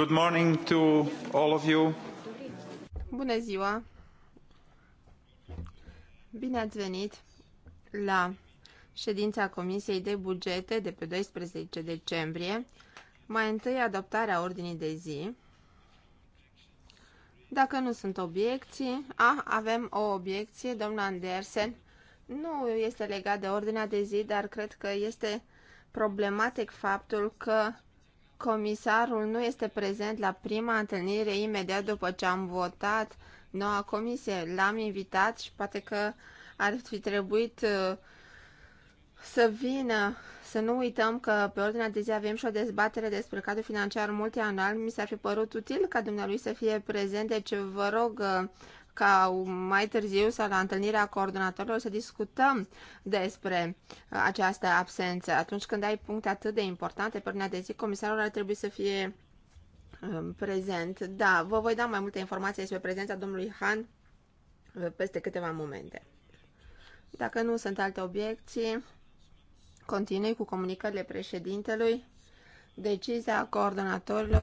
Good morning to all of you. Bună ziua. Bine ați venit la ședința Comisiei de Bugete de pe 12 decembrie. Mai întâi adoptarea ordinii de zi. Dacă nu sunt obiecții, a, avem o obiecție, domnul Andersen. Nu este legat de ordinea de zi, dar cred că este problematic faptul că Comisarul nu este prezent la prima întâlnire imediat după ce am votat noua comisie. L-am invitat și poate că ar fi trebuit uh, să vină. Să nu uităm că pe ordinea de zi avem și o dezbatere despre cadrul financiar multianual. Mi s-ar fi părut util ca dumnealui să fie prezent, deci vă rog uh, ca mai târziu sau la întâlnirea coordonatorilor să discutăm despre uh, această absență. Atunci când ai puncte atât de importante pe ordinea de zi, comisarul ar trebui să fie um, prezent. Da, vă voi da mai multe informații despre prezența domnului Han uh, peste câteva momente. Dacă nu sunt alte obiecții, continui cu comunicările președintelui, decizia coordonatorilor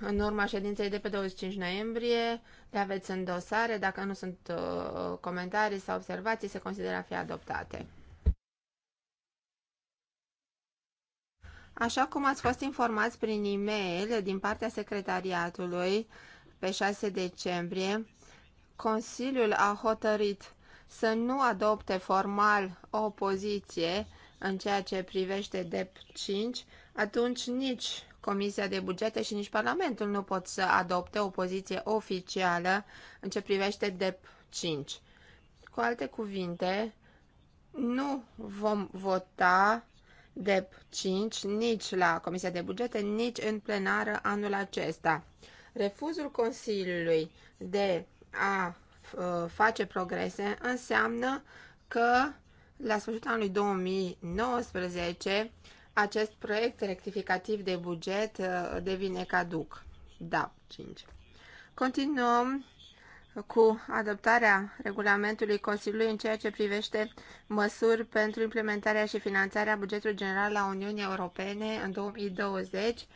în urma ședinței de pe 25 noiembrie le aveți în dosare. Dacă nu sunt uh, comentarii sau observații, se consideră a fi adoptate. Așa cum ați fost informați prin e-mail din partea secretariatului pe 6 decembrie, Consiliul a hotărât să nu adopte formal o poziție în ceea ce privește DEP 5, atunci nici Comisia de Bugete și nici Parlamentul nu pot să adopte o poziție oficială în ce privește DEP 5. Cu alte cuvinte, nu vom vota DEP 5 nici la Comisia de Bugete, nici în plenară anul acesta. Refuzul Consiliului de a uh, face progrese înseamnă că la sfârșitul anului 2019 acest proiect rectificativ de buget uh, devine caduc. Da, 5. Continuăm cu adoptarea regulamentului Consiliului în ceea ce privește măsuri pentru implementarea și finanțarea bugetului general la Uniunii Europene în 2020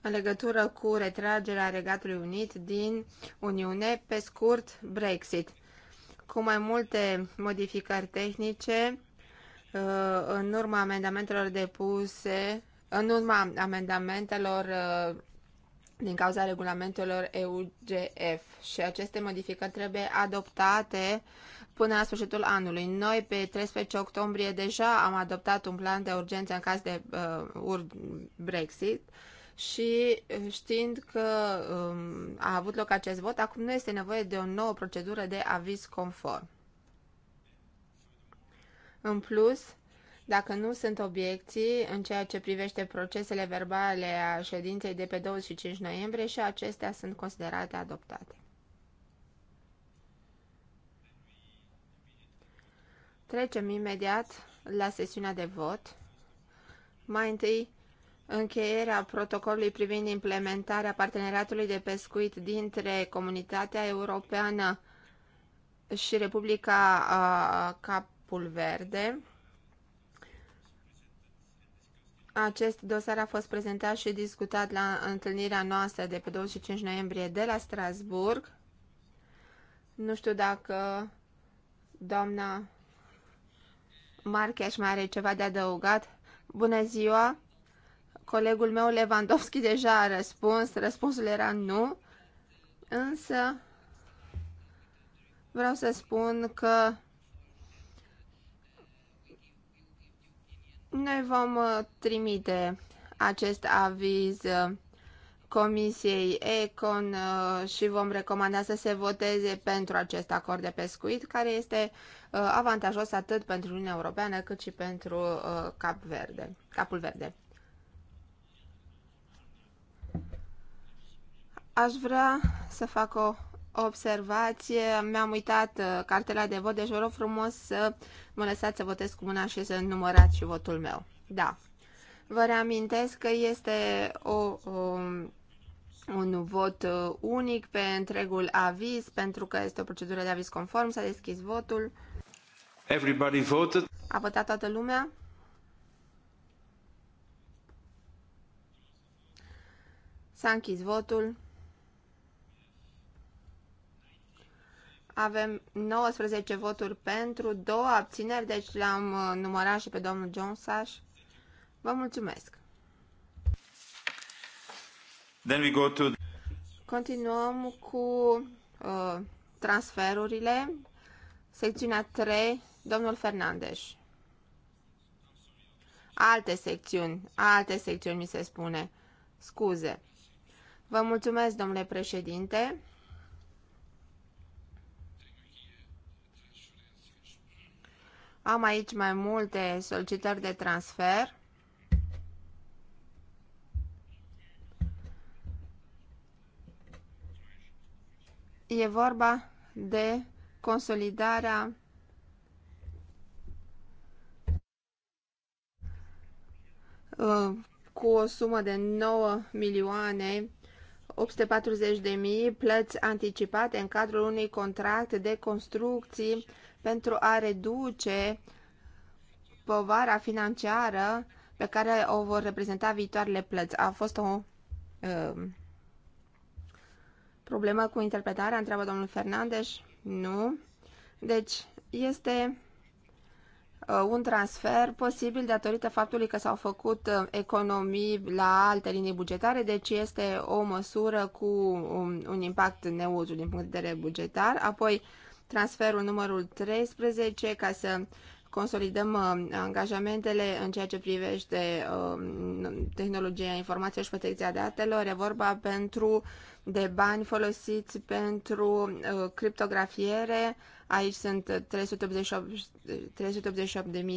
în legătură cu retragerea Regatului Unit din Uniune, pe scurt Brexit, cu mai multe modificări tehnice Uh, în urma amendamentelor depuse, în urma amendamentelor uh, din cauza regulamentelor EUGF și aceste modificări trebuie adoptate până la sfârșitul anului. Noi, pe 13 octombrie, deja am adoptat un plan de urgență în caz de uh, Brexit și uh, știind că um, a avut loc acest vot, acum nu este nevoie de o nouă procedură de aviz conform. În plus, dacă nu sunt obiecții în ceea ce privește procesele verbale a ședinței de pe 25 noiembrie și acestea sunt considerate adoptate. Trecem imediat la sesiunea de vot. Mai întâi, încheierea protocolului privind implementarea parteneriatului de pescuit dintre Comunitatea Europeană și Republica uh, Cap Pulverde. verde. Acest dosar a fost prezentat și discutat la întâlnirea noastră de pe 25 noiembrie de la Strasburg. Nu știu dacă doamna Marcheș mai are ceva de adăugat. Bună ziua! Colegul meu Lewandowski deja a răspuns, răspunsul era nu, însă vreau să spun că Noi vom uh, trimite acest aviz uh, Comisiei Econ uh, și vom recomanda să se voteze pentru acest acord de pescuit, care este avantajos atât pentru Uniunea Europeană cât și pentru Cap Verde, Capul Verde. Aș vrea să fac o observație. Mi-am uitat uh, cartela de vot, deci vă rog frumos să mă lăsați să votez cu mâna și să numărați și votul meu. Da. Vă reamintesc că este o, o, um, un vot uh, unic pe întregul aviz, pentru că este o procedură de aviz conform. S-a deschis votul. Everybody voted. A votat toată lumea? S-a închis votul. Avem 19 voturi pentru, două abțineri, deci l-am uh, numărat și pe domnul Jonesaș. Vă mulțumesc! Then we go to... Continuăm cu uh, transferurile. Secțiunea 3, domnul Fernandes. Alte secțiuni, alte secțiuni mi se spune. Scuze. Vă mulțumesc, domnule președinte. Am aici mai multe solicitări de transfer. E vorba de consolidarea cu o sumă de 9 milioane 840 de mii plăți anticipate în cadrul unui contract de construcții pentru a reduce povara financiară pe care o vor reprezenta viitoarele plăți. A fost o uh, problemă cu interpretarea, întreabă domnul Fernandes? Nu. Deci, este uh, un transfer posibil datorită faptului că s-au făcut uh, economii la alte linii bugetare, deci este o măsură cu un, um, un impact neutru din punct de vedere bugetar. Apoi, uh, transferul numărul 13 ca să consolidăm uh, angajamentele în ceea ce privește um, tehnologia informației și protecția datelor. E vorba pentru de bani folosiți pentru uh, criptografiere. Aici sunt 388.000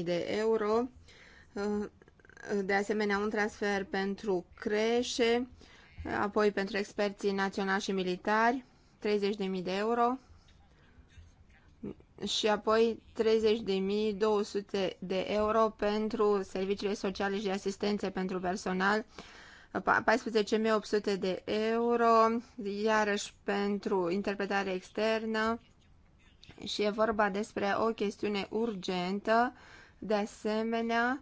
de euro. Uh, de asemenea, un transfer pentru creșe, apoi pentru experții naționali și militari, 30.000 de euro și apoi 30.200 de euro pentru serviciile sociale și de asistențe pentru personal, 14.800 de euro, iarăși pentru interpretare externă și e vorba despre o chestiune urgentă, de asemenea,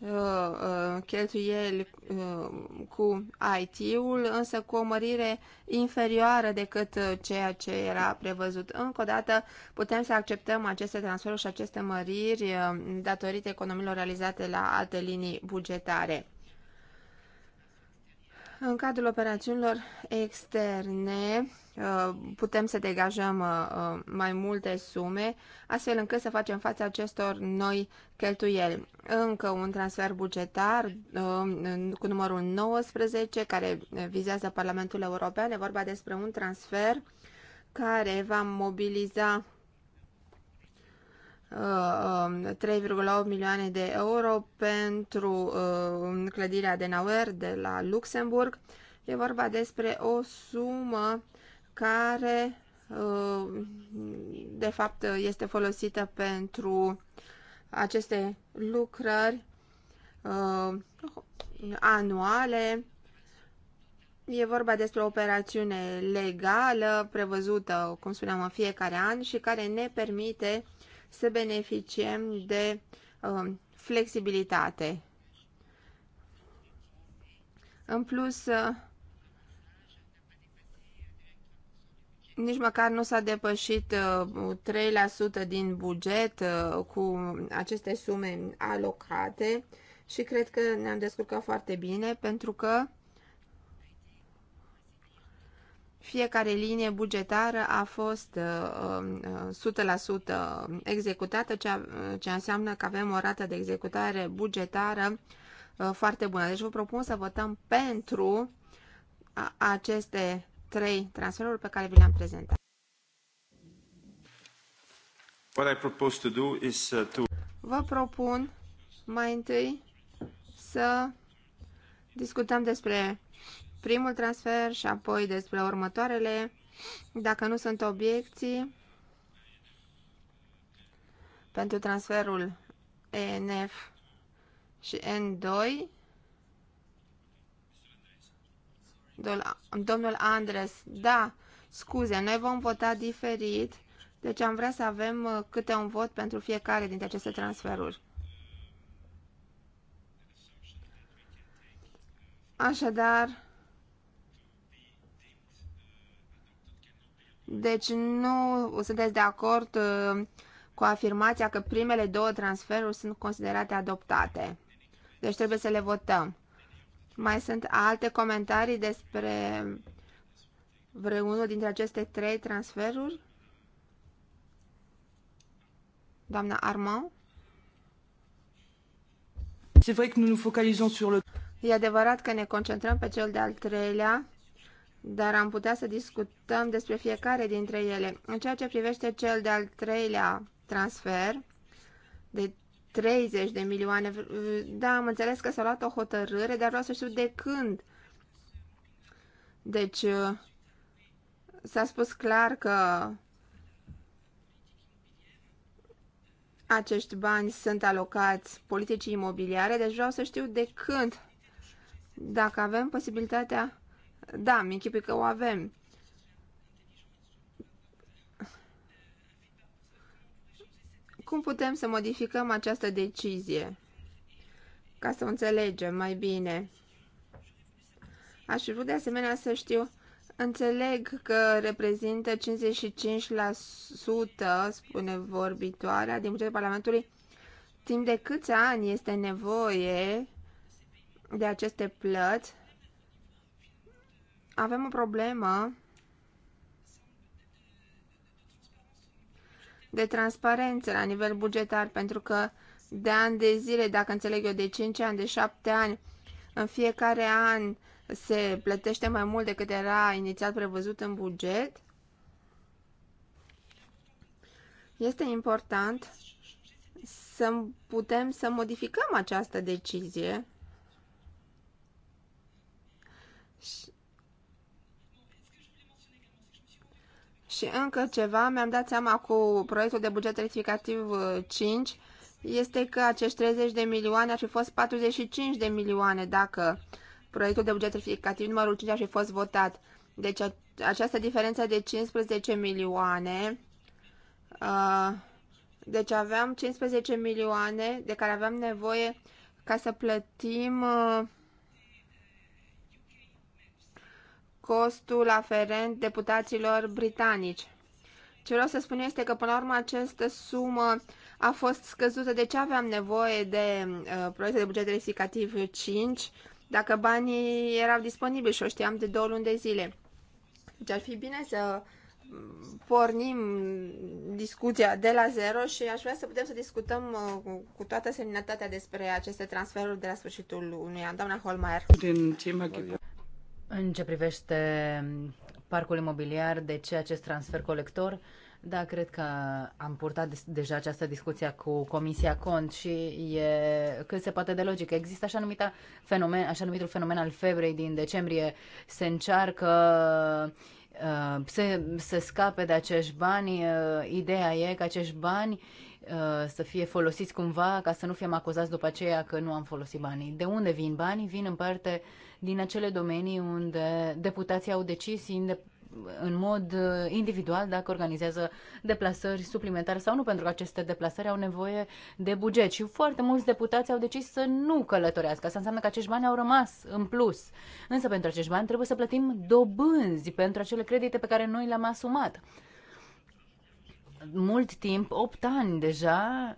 Uh, uh, cheltuieli uh, cu IT-ul, însă cu o mărire inferioară decât ceea ce era prevăzut. Încă o dată putem să acceptăm aceste transferuri și aceste măriri datorită economiilor realizate la alte linii bugetare în cadrul operațiunilor externe uh, putem să degajăm uh, uh, mai multe sume, astfel încât să facem față acestor noi cheltuieli. Încă un transfer bugetar cu numărul 19, care vizează Parlamentul European. E vorba despre un transfer care va mobiliza 3,8 uh, um, milioane de euro pentru uh, clădirea de Nauer de la Luxemburg. E vorba despre o sumă care uh, de fapt este folosită pentru aceste lucrări anuale. E vorba despre o operațiune legală prevăzută, cum spuneam, în fiecare an și care ne permite să beneficiem de uh, flexibilitate. În plus, uh, nici măcar nu s-a depășit uh, 3% din buget uh, cu aceste sume alocate și cred că ne-am descurcat foarte bine pentru că Fiecare linie bugetară a fost 100% uh, um, uh, executată, ceea uh, ce înseamnă că avem o rată de executare bugetară foarte bună. Deci vă propun să votăm pentru aceste trei transferuri pe care vi le-am prezentat. What I propose to do is to... Vă propun mai întâi să discutăm despre primul transfer și apoi despre următoarele. Dacă nu sunt obiecții pentru transferul ENF și N2, domnul Andres, da, scuze, noi vom vota diferit, deci am vrea să avem uh, câte un vot pentru fiecare dintre aceste transferuri. Așadar, Deci nu sunteți de acord uh, cu afirmația că primele două transferuri sunt considerate adoptate. Deci trebuie să le votăm. Mai sunt alte comentarii despre vreunul dintre aceste trei transferuri? Doamna Armand? C'est vrai que nous nous focalisons sur le... E adevărat că ne concentrăm pe cel de-al treilea, dar am putea să discutăm despre fiecare dintre ele. În ceea ce privește cel de-al treilea transfer de 30 de milioane, da, am înțeles că s-a luat o hotărâre, dar vreau să știu de când. Deci, s-a spus clar că acești bani sunt alocați politicii imobiliare, deci vreau să știu de când, dacă avem posibilitatea da, mi închipui că o avem. Cum putem să modificăm această decizie? Ca să o înțelegem mai bine. Aș vrea de asemenea să știu, înțeleg că reprezintă 55%, spune vorbitoarea, din bugetul Parlamentului, timp de câți ani este nevoie de aceste plăți avem o problemă de transparență la nivel bugetar, pentru că de ani de zile, dacă înțeleg eu, de 5 ani, de 7 ani, în fiecare an se plătește mai mult decât era inițial prevăzut în buget. Este important să putem să modificăm această decizie Și încă ceva, mi-am dat seama cu proiectul de buget rectificativ 5, uh, este că acești 30 de milioane ar fi fost 45 de milioane dacă proiectul de buget rectificativ numărul 5 ar fi fost votat. Deci această diferență de 15 milioane, uh, deci aveam 15 milioane de care aveam nevoie ca să plătim uh, costul aferent deputaților britanici. Ce vreau să spun este că, până la urmă, această sumă a fost scăzută. De ce aveam nevoie de uh, proiecte de buget rectificativ 5 dacă banii erau disponibili și o știam de două luni de zile? Deci ar fi bine să mm, pornim discuția de la zero și aș vrea să putem să discutăm uh, cu toată seninătatea despre aceste transferuri de la sfârșitul unui an. Doamna Holmeier. Din tema în ce privește parcul imobiliar, de ce acest transfer colector? Da, cred că am purtat deja această discuție cu Comisia Cont și e cât se poate de logic. Există așa, numita fenomen, așa numitul fenomen al febrei din decembrie. Se încearcă uh, să, să scape de acești bani. Uh, ideea e că acești bani uh, Uh, să fie folosiți cumva ca să nu fim acuzați după aceea că nu am folosit banii. De unde vin banii? Vin în parte din acele domenii unde deputații au decis în mod uh, individual dacă organizează deplasări suplimentare sau nu, pentru că aceste deplasări au nevoie de buget. Și foarte mulți deputați au decis să nu călătorească. Asta înseamnă că acești bani au rămas în plus. Însă pentru acești bani trebuie să plătim dobânzi pentru acele credite pe care noi le-am asumat mult timp, 8 ani deja,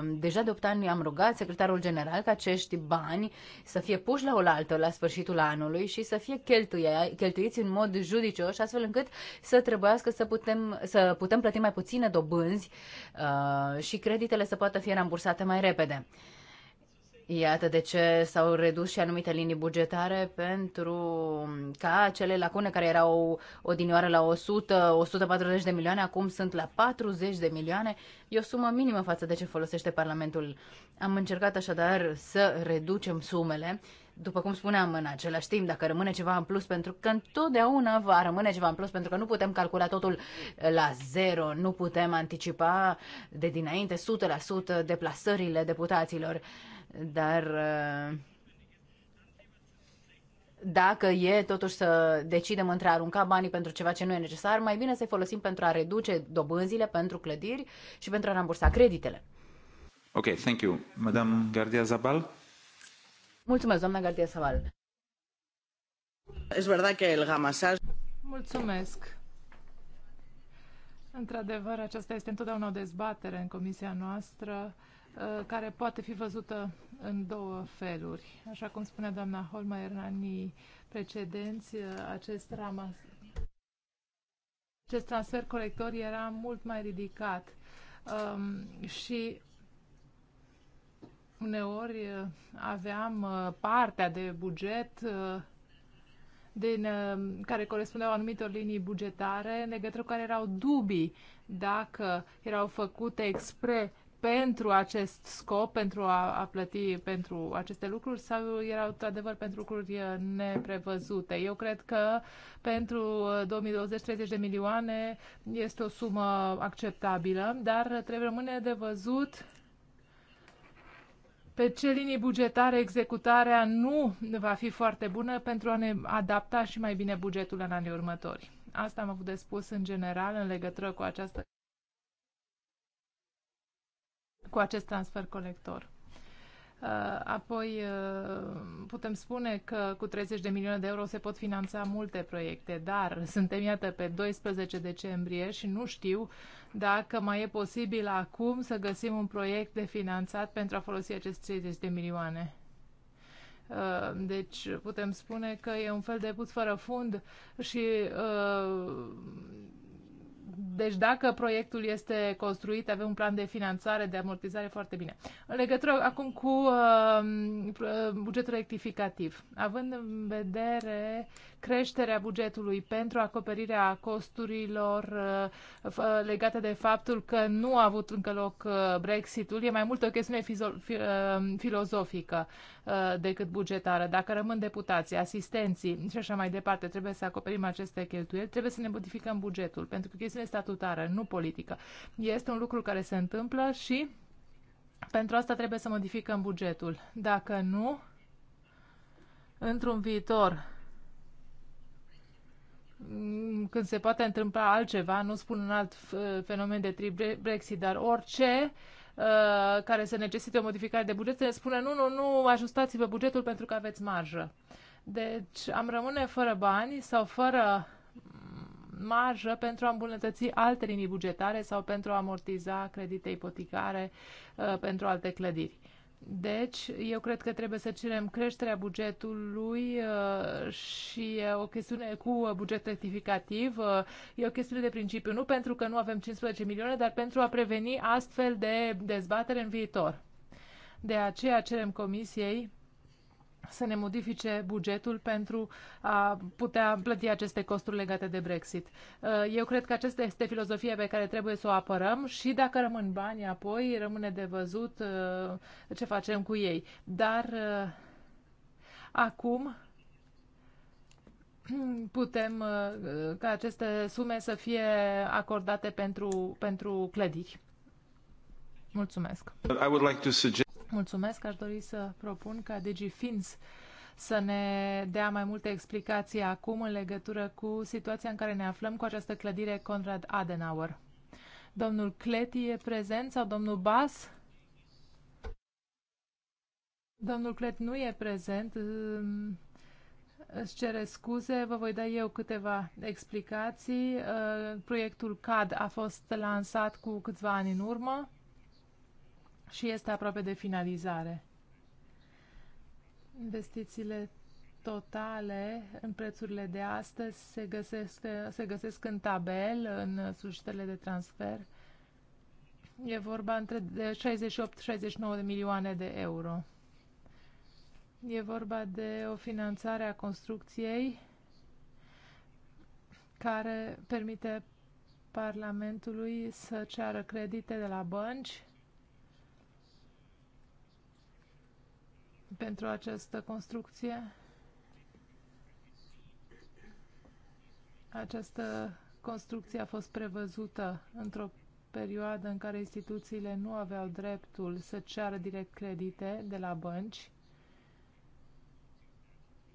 um, deja de 8 ani am rugat secretarul general ca acești bani să fie puși la oaltă la sfârșitul anului și să fie cheltuia, cheltuiți în mod judicios, astfel încât să trebuiască să putem, să putem plăti mai puține dobânzi uh, și creditele să poată fi rambursate mai repede. Iată de ce s-au redus și anumite linii bugetare pentru ca acele lacune care erau odinioară la 100, 140 de milioane, acum sunt la 40 de milioane. E o sumă minimă față de ce folosește Parlamentul. Am încercat așadar să reducem sumele. După cum spuneam, în același timp, dacă rămâne ceva în plus, pentru că întotdeauna va rămâne ceva în plus, pentru că nu putem calcula totul la zero, nu putem anticipa de dinainte 100% deplasările deputaților. Dar uh, dacă e totuși să decidem între a arunca banii pentru ceva ce nu e necesar, mai bine să-i folosim pentru a reduce dobânzile pentru clădiri și pentru a rambursa creditele. Ok, thank you. Madame Gardia Zabal? Mulțumesc, doamna Gardia Zabal. Es verdad que el gamasaj... Mulțumesc. Într-adevăr, aceasta este întotdeauna o dezbatere în comisia noastră Uh, care poate fi văzută în două feluri. Așa cum spunea doamna Holmeier în anii precedenți, uh, acest, ramas, acest transfer colector era mult mai ridicat um, și uneori uh, aveam partea de buget din, care corespundeau anumitor linii bugetare, în legătură cu care erau dubii dacă erau făcute expre pentru acest scop, pentru a, a plăti pentru aceste lucruri sau erau adevăr pentru lucruri neprevăzute. Eu cred că pentru 2020-30 uh, de milioane este o sumă acceptabilă, dar trebuie rămâne de văzut pe ce linii bugetare executarea nu va fi foarte bună pentru a ne adapta și mai bine bugetul în anii următori. Asta am avut de spus în general în legătură cu această cu acest transfer colector. Uh, apoi uh, putem spune că cu 30 de milioane de euro se pot finanța multe proiecte, dar suntem iată pe 12 decembrie și nu știu dacă mai e posibil acum să găsim un proiect de finanțat pentru a folosi acest 30 de milioane. Uh, deci putem spune că e un fel de pus fără fund și deci dacă proiectul este construit, avem un plan de finanțare, de amortizare foarte bine. În legătură acum cu uh, uh bugetul rectificativ, având în vedere creșterea bugetului pentru acoperirea costurilor uh, legate de faptul că nu a avut încă loc uh, Brexitul e mai mult o chestiune uh, filozofică decât bugetară. Dacă rămân deputații, asistenții și așa mai departe, trebuie să acoperim aceste cheltuieli, trebuie să ne modificăm bugetul, pentru că chestiune statutară, nu politică. Este un lucru care se întâmplă și pentru asta trebuie să modificăm bugetul. Dacă nu, într-un viitor Mm, când se poate întâmpla altceva, nu spun un alt fenomen de tri Brexit, dar orice uh, care să necesite o modificare de buget, se spune nu, nu, nu, ajustați-vă bugetul pentru că aveți marjă. Deci am rămâne fără bani sau fără mm, marjă pentru a îmbunătăți alte linii bugetare sau pentru a amortiza credite ipotecare uh, pentru alte clădiri. Deci, eu cred că trebuie să cerem creșterea bugetului uh, și o chestiune cu buget rectificativ. Uh, e o chestiune de principiu, nu pentru că nu avem 15 milioane, dar pentru a preveni astfel de dezbatere în viitor. De aceea cerem Comisiei să ne modifice bugetul pentru a putea plăti aceste costuri legate de Brexit. Uh, eu cred că aceasta este filozofia pe care trebuie să o apărăm și dacă rămân bani apoi, rămâne de văzut uh, ce facem cu ei. Dar uh, acum putem ca aceste sume să fie acordate pentru, pentru clădiri. Mulțumesc. Mulțumesc, aș dori să propun ca DigiFins să ne dea mai multe explicații acum în legătură cu situația în care ne aflăm cu această clădire Conrad Adenauer. Domnul Cleti e prezent sau domnul Bas? Domnul Clet nu e prezent. Îți cere scuze, vă voi da eu câteva explicații. Ă, proiectul CAD a fost lansat cu câțiva ani în urmă și este aproape de finalizare. Investițiile totale în prețurile de astăzi se găsesc, se găsesc în tabel, în suștele de transfer. E vorba între 68-69 de milioane de euro. E vorba de o finanțare a construcției care permite Parlamentului să ceară credite de la bănci pentru această construcție. Această construcție a fost prevăzută într-o perioadă în care instituțiile nu aveau dreptul să ceară direct credite de la bănci.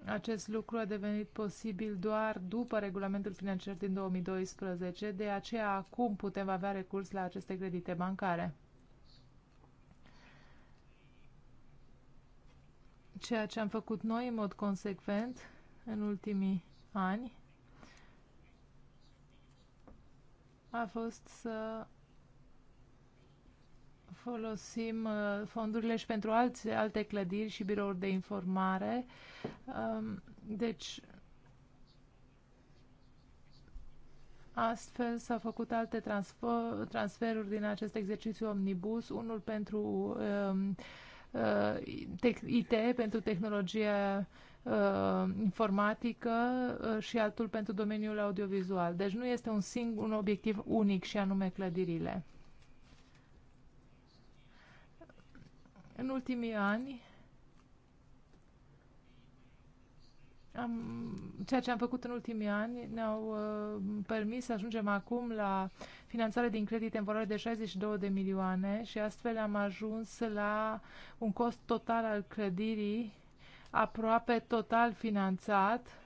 Acest lucru a devenit posibil doar după regulamentul financiar din 2012, de aceea acum putem avea recurs la aceste credite bancare. ceea ce am făcut noi în mod consecvent în ultimii ani a fost să folosim uh, fondurile și pentru alte, alte clădiri și birouri de informare. Um, deci, Astfel s-au făcut alte transfer, transferuri din acest exercițiu omnibus, unul pentru uh, Uh, IT pentru tehnologia uh, informatică uh, și altul pentru domeniul audiovizual. Deci nu este un singur un obiectiv unic și anume clădirile. În ultimii ani Am, ceea ce am făcut în ultimii ani ne-au uh, permis să ajungem acum la finanțare din credite în valoare de 62 de milioane și astfel am ajuns la un cost total al clădirii aproape total finanțat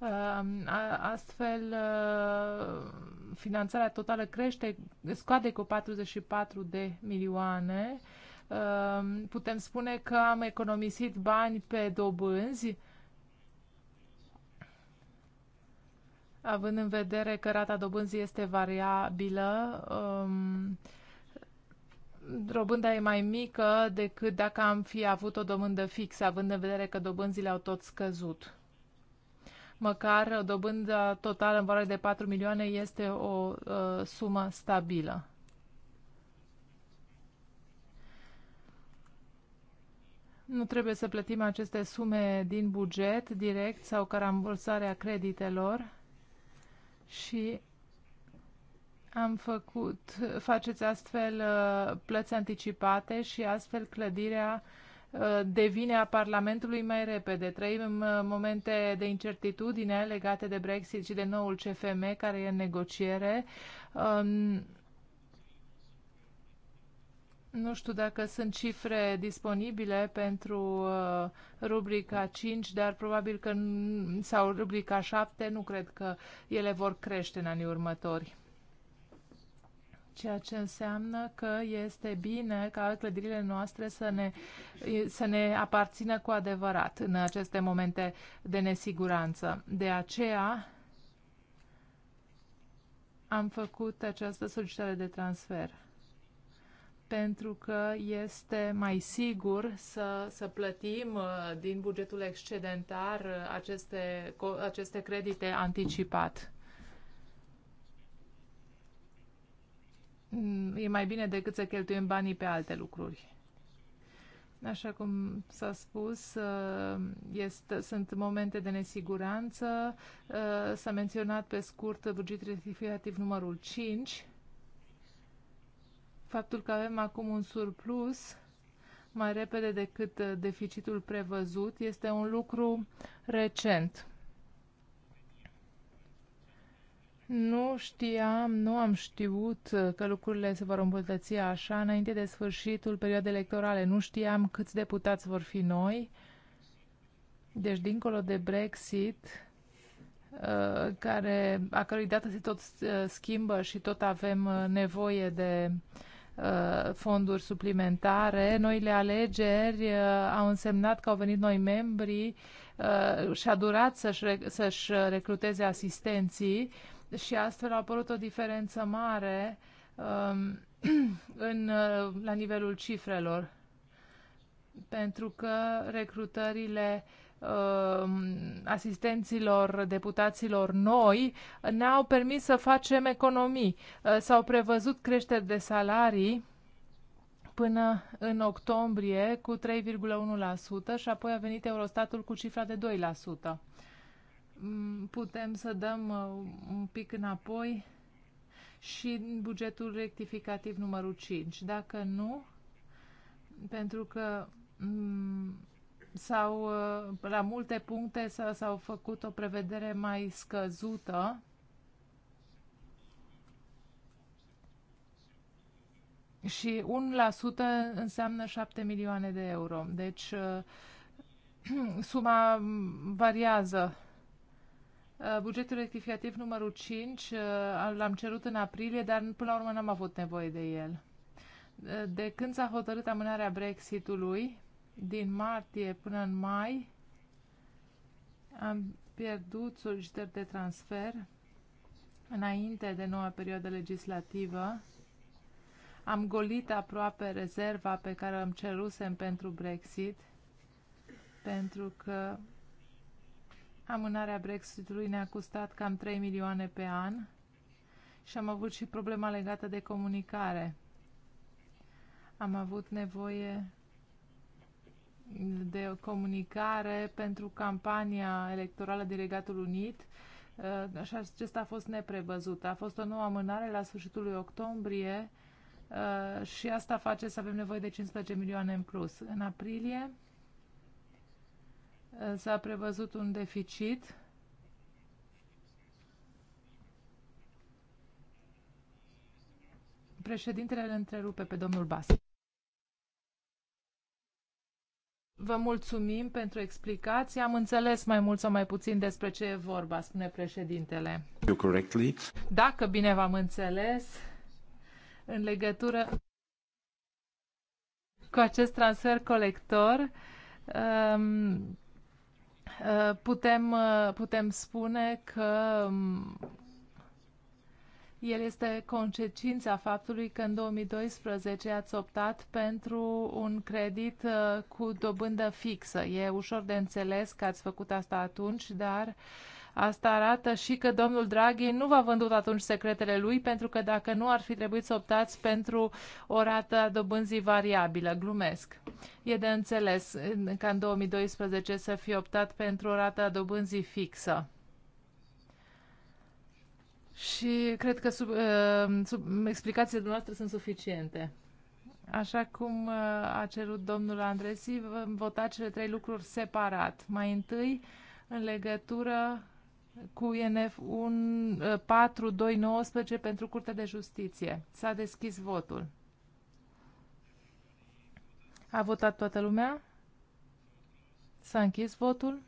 um, Astfel, uh, finanțarea totală crește, scoade cu 44 de milioane Ehm, putem spune că am economisit bani pe dobânzi, având în vedere că rata dobânzii este variabilă, ehm, dobânda e mai mică decât dacă am fi avut o dobândă fixă, având în vedere că dobânzile au tot scăzut. Măcar dobânda totală în valoare de 4 milioane este o uh, sumă stabilă. Nu trebuie să plătim aceste sume din buget direct sau ca rambursarea creditelor și am făcut, faceți astfel uh, plăți anticipate și astfel clădirea uh, devine a Parlamentului mai repede. Trăim uh, momente de incertitudine legate de Brexit și de noul CFM care e în negociere. Um, nu știu dacă sunt cifre disponibile pentru uh, rubrica 5, dar probabil că sau rubrica 7, nu cred că ele vor crește în anii următori. Ceea ce înseamnă că este bine ca clădirile noastre să ne, să ne aparțină cu adevărat în aceste momente de nesiguranță. De aceea am făcut această solicitare de transfer pentru că este mai sigur să, să plătim uh, din bugetul excedentar uh, aceste, aceste credite anticipat. Mm, e mai bine decât să cheltuim banii pe alte lucruri. Așa cum s-a spus, uh, este, sunt momente de nesiguranță. S-a menționat pe scurt buget rectificativ numărul 5 Faptul că avem acum un surplus mai repede decât uh, deficitul prevăzut este un lucru recent. Nu știam, nu am știut uh, că lucrurile se vor îmbunătăți așa înainte de sfârșitul perioadei electorale. Nu știam câți deputați vor fi noi. Deci, dincolo de Brexit, uh, care, a cărui dată se tot schimbă și tot avem nevoie de Uh, fonduri suplimentare. Noile alegeri uh, au însemnat că au venit noi membri uh, și a durat să-și, să recruteze asistenții și astfel a apărut o diferență mare um, în, la nivelul cifrelor pentru că recrutările uh, Um, asistenților deputaților noi ne-au permis să facem economii. Uh, s-au prevăzut creșteri de salarii până în octombrie cu 3,1% și apoi a venit Eurostatul cu cifra de 2%. Mm, putem să dăm uh, un pic înapoi și bugetul rectificativ numărul 5. Dacă nu, pentru că mm, sau uh, la multe puncte s-au făcut o prevedere mai scăzută și 1% înseamnă 7 milioane de euro. Deci uh, suma variază. Uh, bugetul rectificativ numărul 5 l-am cerut în aprilie, dar până la urmă n-am avut nevoie de el. De când s-a hotărât amânarea Brexitului, din martie până în mai am pierdut solicitări de transfer înainte de noua perioadă legislativă. Am golit aproape rezerva pe care am cerusem pentru Brexit, pentru că amânarea Brexitului ne-a costat cam 3 milioane pe an și am avut și problema legată de comunicare. Am avut nevoie de comunicare pentru campania electorală din Regatul Unit. Uh, așa, acesta a fost neprevăzut. A fost o nouă amânare la sfârșitul lui octombrie uh, și asta face să avem nevoie de 15 milioane în plus. În aprilie uh, s-a prevăzut un deficit Președintele îl întrerupe pe domnul Bas. Vă mulțumim pentru explicații. Am înțeles mai mult sau mai puțin despre ce e vorba, spune președintele. Dacă bine v-am înțeles, în legătură cu acest transfer colector, um, uh, putem, uh, putem spune că um, el este consecința faptului că în 2012 ați optat pentru un credit uh, cu dobândă fixă. E ușor de înțeles că ați făcut asta atunci, dar asta arată și că domnul Draghi nu v-a vândut atunci secretele lui, pentru că dacă nu ar fi trebuit să optați pentru o rată a dobânzii variabilă. Glumesc. E de înțeles ca în 2012 să fi optat pentru o rată a dobânzii fixă și cred că sub, uh, sub, explicațiile noastre sunt suficiente. Așa cum uh, a cerut domnul Andresi, vom vota cele trei lucruri separat. Mai întâi, în legătură cu INF 4219 uh, pentru Curtea de Justiție. S-a deschis votul. A votat toată lumea? S-a închis votul?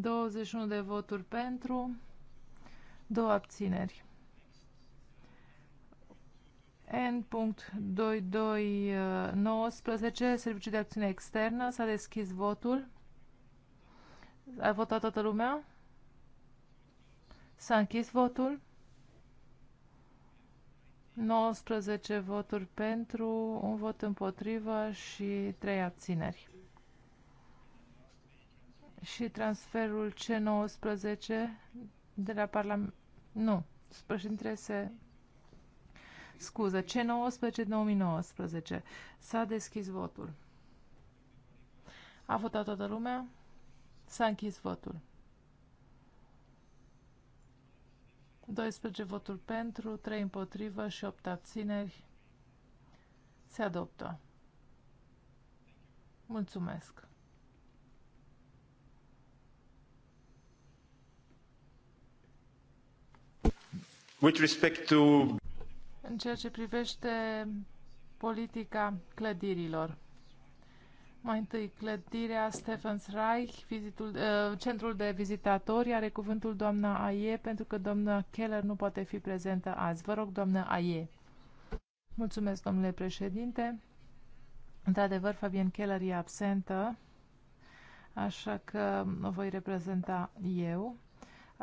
21 de voturi pentru, două abțineri. N.2219, uh, Serviciul de Acțiune Externă, s-a deschis votul. A votat toată lumea? S-a închis votul? 19 voturi pentru, un vot împotrivă și 3 abțineri și transferul C19 de la Parlament... Nu, președintele se scuză. C19-2019. S-a deschis votul. A votat toată lumea? S-a închis votul. 12 voturi pentru, 3 împotrivă și 8 abțineri. Se adoptă. Mulțumesc! With respect to... În ceea ce privește politica clădirilor. Mai întâi, clădirea Stephens Reich, vizitul, uh, centrul de vizitatori, are cuvântul doamna Aie, pentru că doamna Keller nu poate fi prezentă azi. Vă rog, doamna Aie. Mulțumesc, domnule președinte. Într-adevăr, Fabien Keller e absentă, așa că o voi reprezenta eu.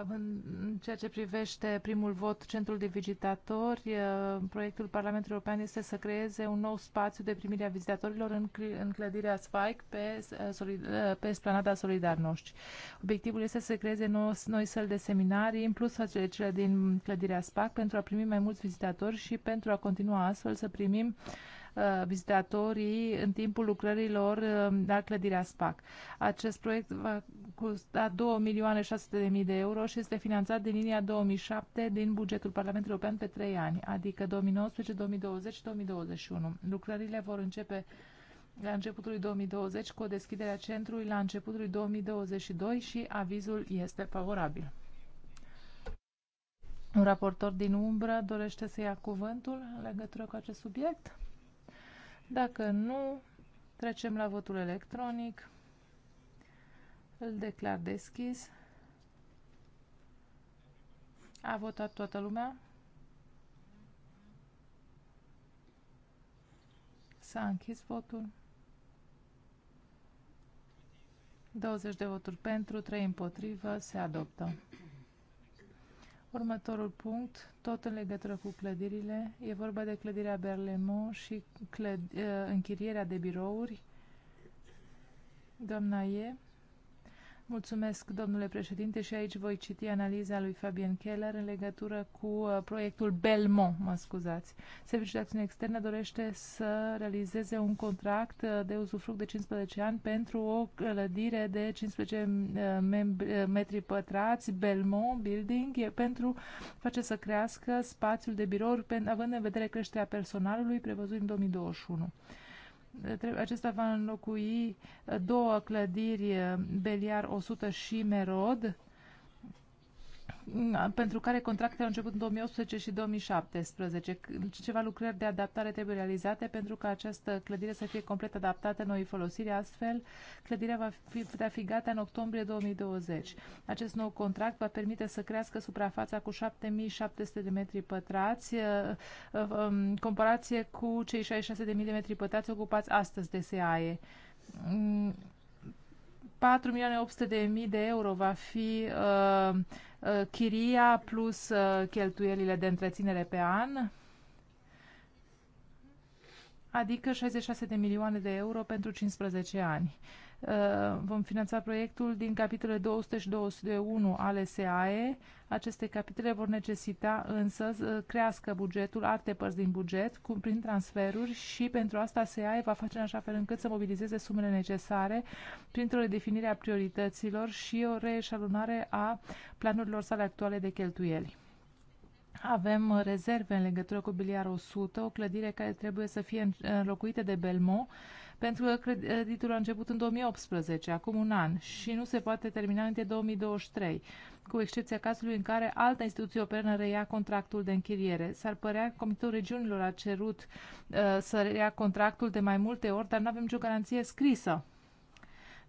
În ceea ce privește primul vot, Centrul de Vizitatori, uh, proiectul Parlamentului European este să creeze un nou spațiu de primire a vizitatorilor în, în clădirea SFAIC pe, uh, uh, pe splanada Solidar Obiectivul este să creeze nou, noi săli de seminarii, în plus cele din clădirea SPAC, pentru a primi mai mulți vizitatori și pentru a continua astfel să primim uh, Uh, vizitatorii în timpul lucrărilor uh, la clădirea SPAC. Acest proiect va costa 2.600.000 de euro și este finanțat din linia 2007 din bugetul Parlamentului European pe 3 ani, adică 2019, 2020 și 2021. Lucrările vor începe la începutul 2020 cu o deschidere a centrului la începutul 2022 și avizul este favorabil. Un raportor din umbră dorește să ia cuvântul în legătură cu acest subiect? Dacă nu, trecem la votul electronic. Îl declar deschis. A votat toată lumea? S-a închis votul. 20 de voturi pentru, 3 împotrivă, se adoptă. Următorul punct, tot în legătură cu clădirile, e vorba de clădirea Berlemo și clădi, eh, închirierea de birouri. Doamna E Mulțumesc, domnule președinte, și aici voi citi analiza lui Fabien Keller în legătură cu uh, proiectul Belmont, mă scuzați. Serviciul de Acțiune Externă dorește să realizeze un contract uh, de uzufruct de 15 ani pentru o clădire de 15 uh, uh, metri pătrați, Belmont Building, e pentru face să crească spațiul de birouri, având în vedere creșterea personalului prevăzut în 2021 acesta va înlocui uh, două clădiri uh, Beliar 100 și Merod pentru care contractele au început în 2018 și 2017. Ceva lucrări de adaptare trebuie realizate pentru ca această clădire să fie complet adaptată noi folosiri, astfel clădirea va fi, putea fi gata în octombrie 2020. Acest nou contract va permite să crească suprafața cu 7700 de metri pătrați, în uh, uh, um, comparație cu cei 66 de de metri pătrați ocupați astăzi de SEAE. 4.800.000 mm, de euro va fi uh, chiria plus uh, cheltuielile de întreținere pe an adică 66 de milioane de euro pentru 15 ani. Uh, vom finanța proiectul din capitolele 200 și 201 ale SAE. Aceste capitole vor necesita însă să crească bugetul, alte părți din buget, cum prin transferuri și pentru asta SAE va face în așa fel încât să mobilizeze sumele necesare printr-o redefinire a priorităților și o reșalunare a planurilor sale actuale de cheltuieli. Avem uh, rezerve în legătură cu Biliar 100, o clădire care trebuie să fie uh, înlocuită de Belmont, pentru că creditul a început în 2018, acum un an, și nu se poate termina între 2023, cu excepția cazului în care alta instituție operă reia contractul de închiriere. S-ar părea că Comitetul Regiunilor a cerut uh, să reia contractul de mai multe ori, dar nu avem nicio garanție scrisă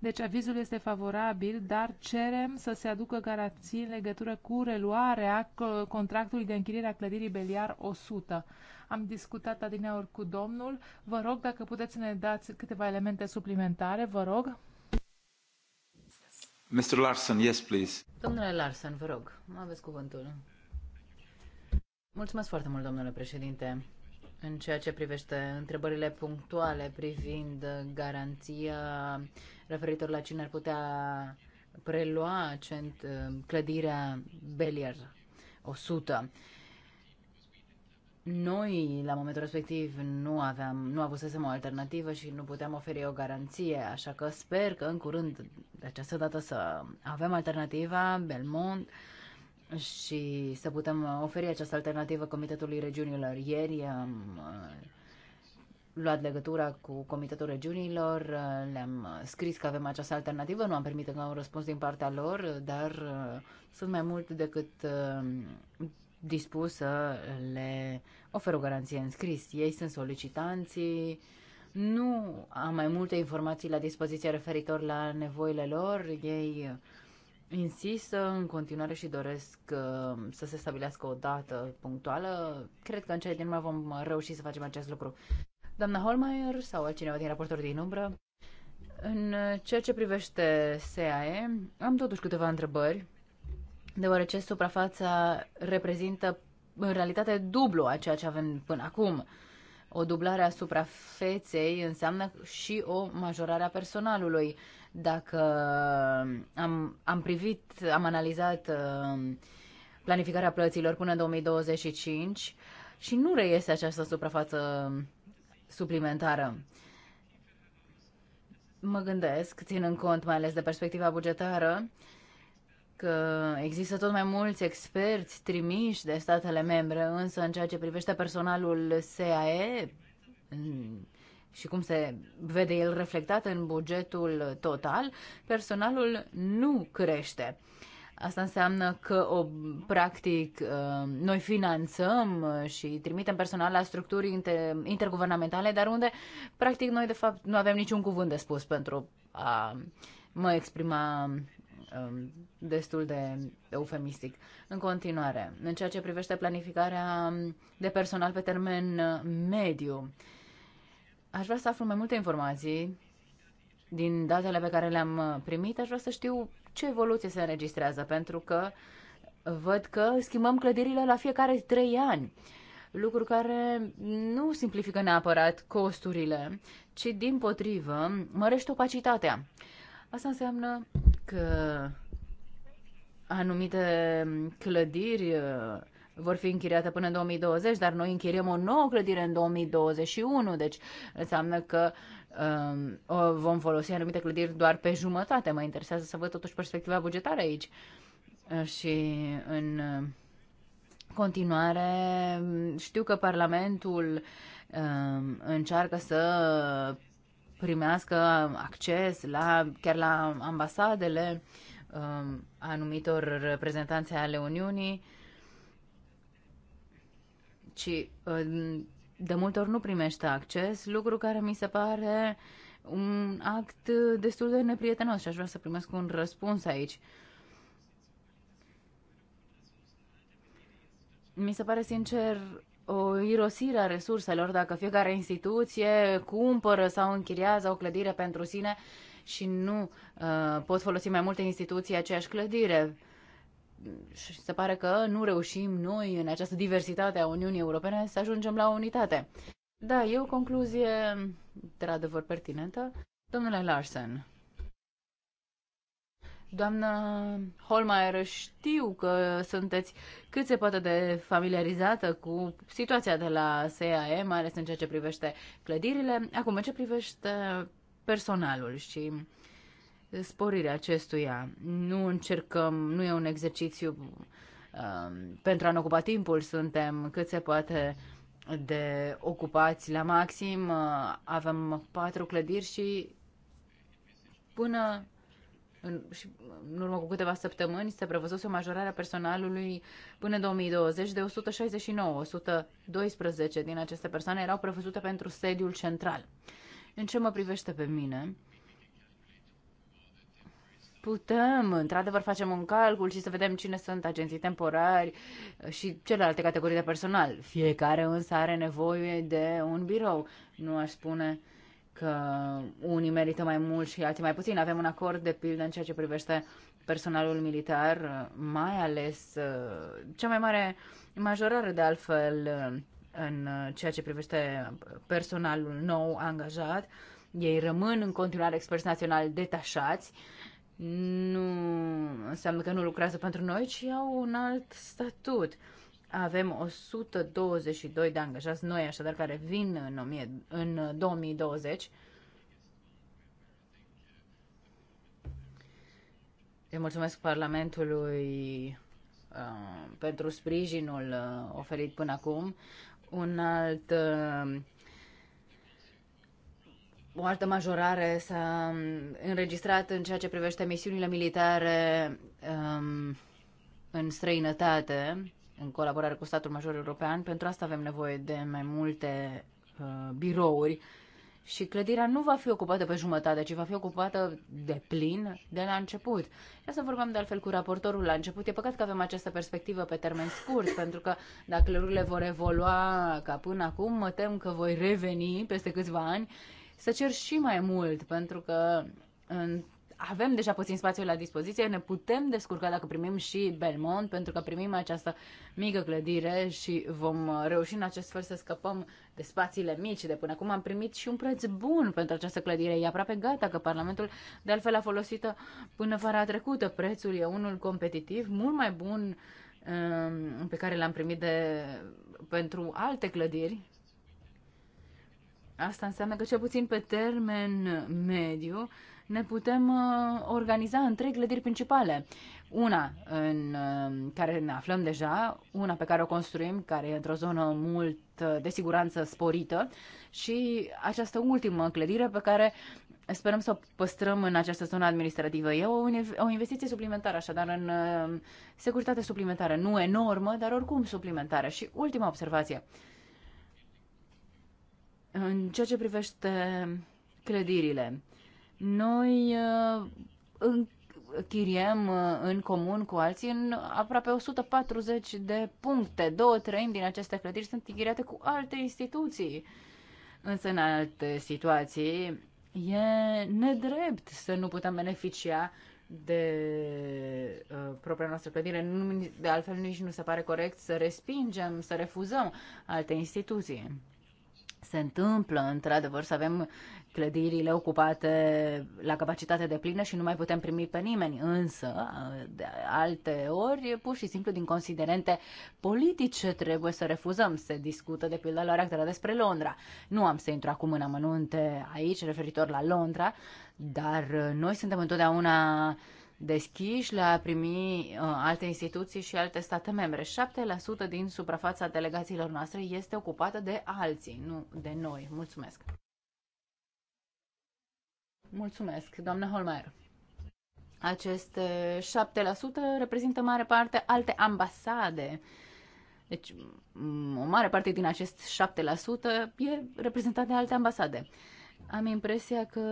deci avizul este favorabil, dar cerem să se aducă garanții în legătură cu reluarea contractului de închiriere a clădirii Beliar 100. Am discutat adineauri cu domnul. Vă rog, dacă puteți să ne dați câteva elemente suplimentare, vă rog. Mr. Larson, yes, please. Domnule Larson, vă rog, aveți cuvântul. Mulțumesc foarte mult, domnule președinte. În ceea ce privește întrebările punctuale privind garanția referitor la cine ar putea prelua cent, uh, clădirea Belier 100. Noi, la momentul respectiv, nu aveam, nu avusesem o alternativă și nu puteam oferi o garanție, așa că sper că în curând, de această dată, să avem alternativa Belmont, și să putem oferi această alternativă Comitetului Regiunilor. Ieri am uh, luat legătura cu Comitetul Regiunilor, uh, le-am scris că avem această alternativă, nu am permis încă un răspuns din partea lor, dar uh, sunt mai mult decât dispus să le ofer o garanție în scris. Ei sunt solicitanții, nu am mai multe informații la dispoziție referitor la nevoile lor, ei insistă în continuare și doresc uh, să se stabilească o dată punctuală. Cred că în cele din urmă vom reuși să facem acest lucru. Doamna Holmeier sau altcineva din raportori din umbră, în ceea ce privește SAE, am totuși câteva întrebări, deoarece suprafața reprezintă în realitate dublu a ceea ce avem până acum. O dublare a suprafeței înseamnă și o majorare a personalului. Dacă am, am privit, am analizat uh, planificarea plăților până în 2025 și nu reiese această suprafață suplimentară. Mă gândesc, ținând cont mai ales de perspectiva bugetară, că există tot mai mulți experți trimiși de statele membre, însă în ceea ce privește personalul SAE, și cum se vede el reflectat în bugetul total, personalul nu crește. Asta înseamnă că, o, practic, uh, noi finanțăm și trimitem personal la structuri inter, interguvernamentale, dar unde, practic, noi, de fapt, nu avem niciun cuvânt de spus pentru a mă exprima um, destul de eufemistic. În continuare, în ceea ce privește planificarea de personal pe termen uh, mediu, Aș vrea să aflu mai multe informații din datele pe care le-am uh, primit. Aș vrea să știu ce evoluție se înregistrează, pentru că văd că schimbăm clădirile la fiecare trei ani. Lucru care nu simplifică neapărat costurile, ci din potrivă mărește opacitatea. Asta înseamnă că anumite clădiri uh, vor fi închiriate până în 2020, dar noi închiriem o nouă clădire în 2021, deci înseamnă că um, vom folosi anumite clădiri doar pe jumătate. Mă interesează să văd totuși perspectiva bugetară aici. Și în uh, continuare, știu că Parlamentul um, încearcă să primească acces la, chiar la ambasadele um, anumitor reprezentanțe ale Uniunii. Uh, ci de multe ori nu primește acces, lucru care mi se pare un act destul de neprietenos și aș vrea să primesc un răspuns aici. Mi se pare sincer o irosire a resurselor dacă fiecare instituție cumpără sau închiriază o clădire pentru sine și nu uh, pot folosi mai multe instituții aceeași clădire și se pare că nu reușim noi, în această diversitate a Uniunii Europene, să ajungem la unitate. Da, e o concluzie, într-adevăr, pertinentă. Domnule Larsen, Doamnă Holmeier, știu că sunteți cât se poate de familiarizată cu situația de la SAE, mai ales în ceea ce privește clădirile. Acum, în ce privește personalul și sporirea acestuia. Nu încercăm, nu e un exercițiu uh, pentru a ne ocupa timpul, suntem cât se poate de ocupați la maxim, uh, avem patru clădiri și până în, și în urmă cu câteva săptămâni se prevăzuse o majorare a personalului până în 2020 de 169. 112 din aceste persoane erau prevăzute pentru sediul central. În ce mă privește pe mine, putem, într-adevăr, facem un calcul și să vedem cine sunt agenții temporari și celelalte categorii de personal. Fiecare însă are nevoie de un birou. Nu aș spune că unii merită mai mult și alții mai puțin. Avem un acord, de pildă, în ceea ce privește personalul militar, mai ales uh, cea mai mare majorare, de altfel, uh, în ceea ce privește personalul nou angajat. Ei rămân în continuare experți naționali detașați nu înseamnă că nu lucrează pentru noi, ci au un alt statut. Avem 122 de angajați noi, așadar, care vin în, 1000, în 2020. Îi mulțumesc Parlamentului uh, pentru sprijinul uh, oferit până acum. Un alt uh, o altă majorare s-a um, înregistrat în ceea ce privește misiunile militare um, în străinătate, în colaborare cu statul major european. Pentru asta avem nevoie de mai multe uh, birouri și clădirea nu va fi ocupată pe jumătate, ci va fi ocupată de plin de la început. Ia să vorbim de altfel cu raportorul la început. E păcat că avem această perspectivă pe termen scurt, pentru că dacă lucrurile vor evolua ca până acum, mă tem că voi reveni peste câțiva ani să cer și mai mult, pentru că în avem deja puțin spațiu la dispoziție, ne putem descurca dacă primim și Belmont, pentru că primim această mică clădire și vom reuși în acest fel să scăpăm de spațiile mici. De până acum am primit și un preț bun pentru această clădire. E aproape gata că Parlamentul de altfel a folosit până vara trecută. Prețul e unul competitiv, mult mai bun um, pe care l-am primit de, pentru alte clădiri Asta înseamnă că cel puțin pe termen mediu ne putem uh, organiza în trei clădiri principale. Una în uh, care ne aflăm deja, una pe care o construim, care e într-o zonă mult uh, de siguranță sporită și această ultimă clădire pe care sperăm să o păstrăm în această zonă administrativă. E o, o investiție suplimentară, așadar, în securitate suplimentară. Nu enormă, dar oricum suplimentară. Și ultima observație. Uh, în ceea ce privește clădirile, noi uh, închiriem uh, în comun cu alții în aproape 140 de puncte. Două treimi din aceste clădiri sunt închiriate cu alte instituții. Însă în alte situații e nedrept să nu putem beneficia de uh, propria noastră clădire. Nu, de altfel nici nu se pare corect să respingem, să refuzăm alte instituții se întâmplă, într-adevăr, să avem clădirile ocupate la capacitate de plină și nu mai putem primi pe nimeni. Însă, de alte ori, pur și simplu, din considerente politice, trebuie să refuzăm. Se discută, de pildă, la reactora despre Londra. Nu am să intru acum în amănunte aici, referitor la Londra, dar noi suntem întotdeauna uh, deschiși la a primi uh, alte instituții și alte state membre. 7% din suprafața delegațiilor noastre este ocupată de alții, nu de noi. Mulțumesc! Mulțumesc, doamnă Holmeier. Aceste 7% reprezintă mare parte alte ambasade. Deci, mm, o mare parte din acest 7% e reprezentat de alte ambasade. Am impresia că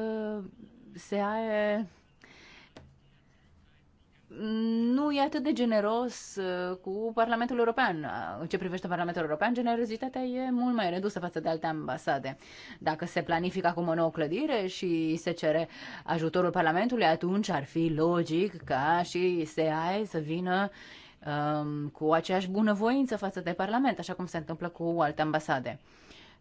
se are nu e atât de generos uh, cu Parlamentul European. Uh, în ce privește Parlamentul European, generozitatea e mult mai redusă față de alte ambasade. Dacă se planifică acum o nouă clădire și se cere ajutorul Parlamentului, atunci ar fi logic ca și SEAE să vină um, cu aceeași bunăvoință față de Parlament, așa cum se întâmplă cu alte ambasade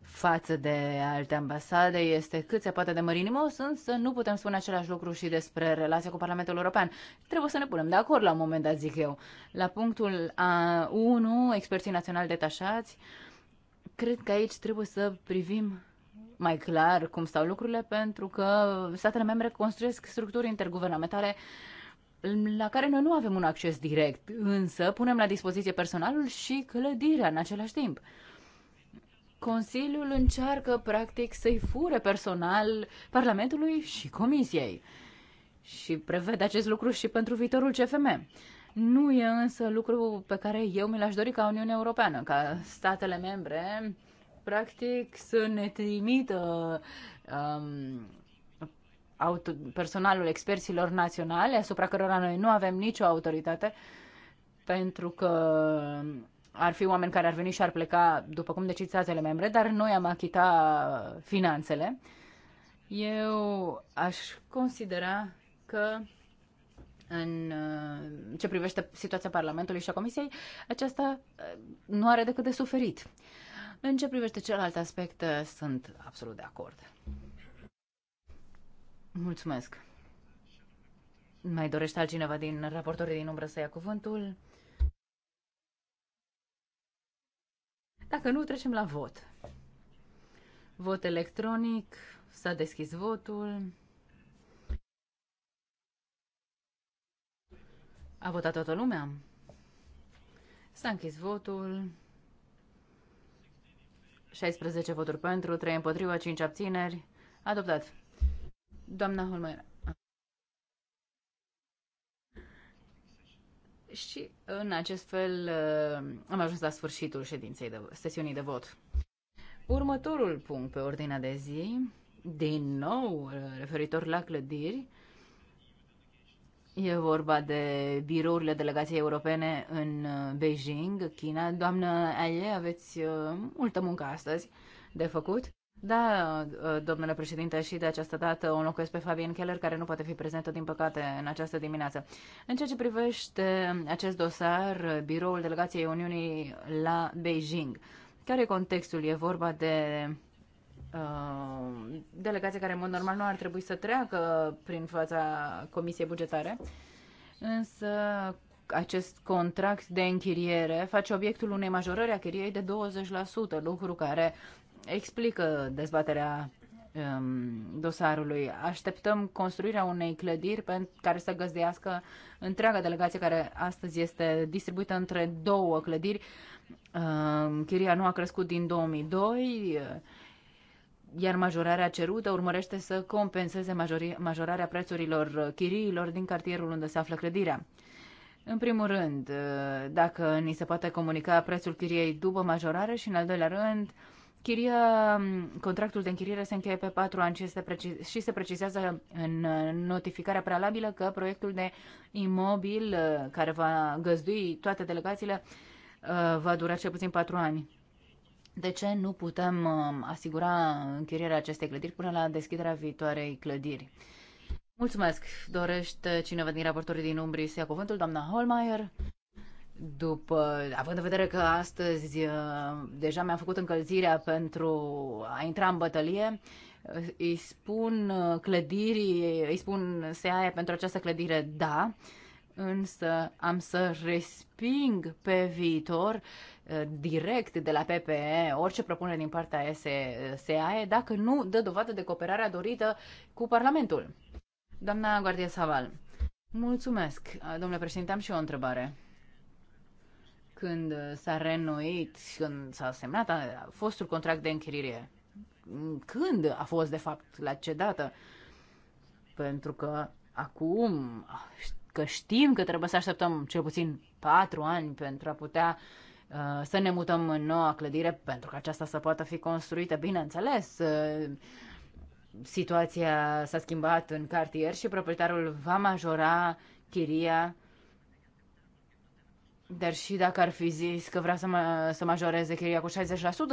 față de alte ambasade este cât se poate de mărinimos, însă nu putem spune același lucru și despre relația cu Parlamentul European. Trebuie să ne punem de acord la un moment dat, zic eu. La punctul a 1, experții naționali detașați, cred că aici trebuie să privim mai clar cum stau lucrurile, pentru că statele membre construiesc structuri interguvernamentale la care noi nu avem un acces direct, însă punem la dispoziție personalul și clădirea în același timp. Consiliul încearcă, practic, să-i fure personal Parlamentului și Comisiei. Și prevede acest lucru și pentru viitorul CFM. Nu e însă lucru pe care eu mi l-aș dori ca Uniunea Europeană, ca statele membre, practic, să ne trimită um, auto, personalul experților naționale, asupra cărora noi nu avem nicio autoritate, pentru că ar fi oameni care ar veni și ar pleca după cum decid statele membre, dar noi am achita finanțele. Eu aș considera că în uh, ce privește situația Parlamentului și a Comisiei, aceasta uh, nu are decât de suferit. În ce privește celelalte aspecte, uh, sunt absolut de acord. Mulțumesc. Mai dorește altcineva din raportorii din umbră să ia cuvântul? Dacă nu, trecem la vot. Vot electronic. S-a deschis votul. A votat toată lumea? S-a închis votul. 16 voturi pentru, 3 împotriva, 5 abțineri. Adoptat. Doamna Holmeier, Și în acest fel uh, am ajuns la sfârșitul ședinței de, sesiunii de vot. Următorul punct pe ordinea de zi, din nou uh, referitor la clădiri, E vorba de birourile delegației europene în uh, Beijing, China. Doamnă Aie, aveți multă muncă astăzi de făcut. Da, uh, domnule președinte, și de această dată o înlocuiesc pe Fabian Keller, care nu poate fi prezentă, din păcate, în această dimineață. În ceea ce privește acest dosar, biroul Delegației Uniunii la Beijing, care e contextul? E vorba de uh, delegație care, în mod normal, nu ar trebui să treacă prin fața Comisiei Bugetare, însă acest contract de închiriere face obiectul unei majorări a chiriei de 20%, lucru care explică dezbaterea um, dosarului. Așteptăm construirea unei clădiri pentru care să găzdească întreaga delegație care astăzi este distribuită între două clădiri. Um, chiria nu a crescut din 2002, iar majorarea cerută urmărește să compenseze majori, majorarea prețurilor chiriilor din cartierul unde se află clădirea. În primul rând, uh, dacă ni se poate comunica prețul chiriei după majorare și în al doilea rând, Chiria, um, contractul de închiriere se încheie pe patru ani și se, se precizează în uh, notificarea prealabilă că proiectul de imobil uh, care va găzdui toate delegațiile uh, va dura cel puțin patru ani. De ce nu putem um, asigura închirierea acestei clădiri până la deschiderea viitoarei clădiri? Mulțumesc! Dorește cineva din raportorii din Umbrii să ia cuvântul? Doamna Holmeier? după, având în vedere că astăzi uh, deja mi-am făcut încălzirea pentru a intra în bătălie, uh, îi spun uh, clădirii, îi spun SEAE pentru această clădire da, însă am să resping pe viitor direct de la PPE orice propunere din partea SEAE dacă nu dă dovadă de cooperarea dorită cu Parlamentul. Doamna Guardia Saval, mulțumesc. Domnule președinte, am și o întrebare când s-a reînnoit, când s-a semnat a, fostul contract de închiriere. Când a fost, de fapt, la ce dată? Pentru că acum, că știm că trebuie să așteptăm cel puțin patru ani pentru a putea uh, să ne mutăm în noua clădire, pentru că aceasta să poată fi construită, bineînțeles. Uh, situația s-a schimbat în cartier și proprietarul va majora chiria dar și dacă ar fi zis că vrea să, mă, să majoreze chiria cu 60%,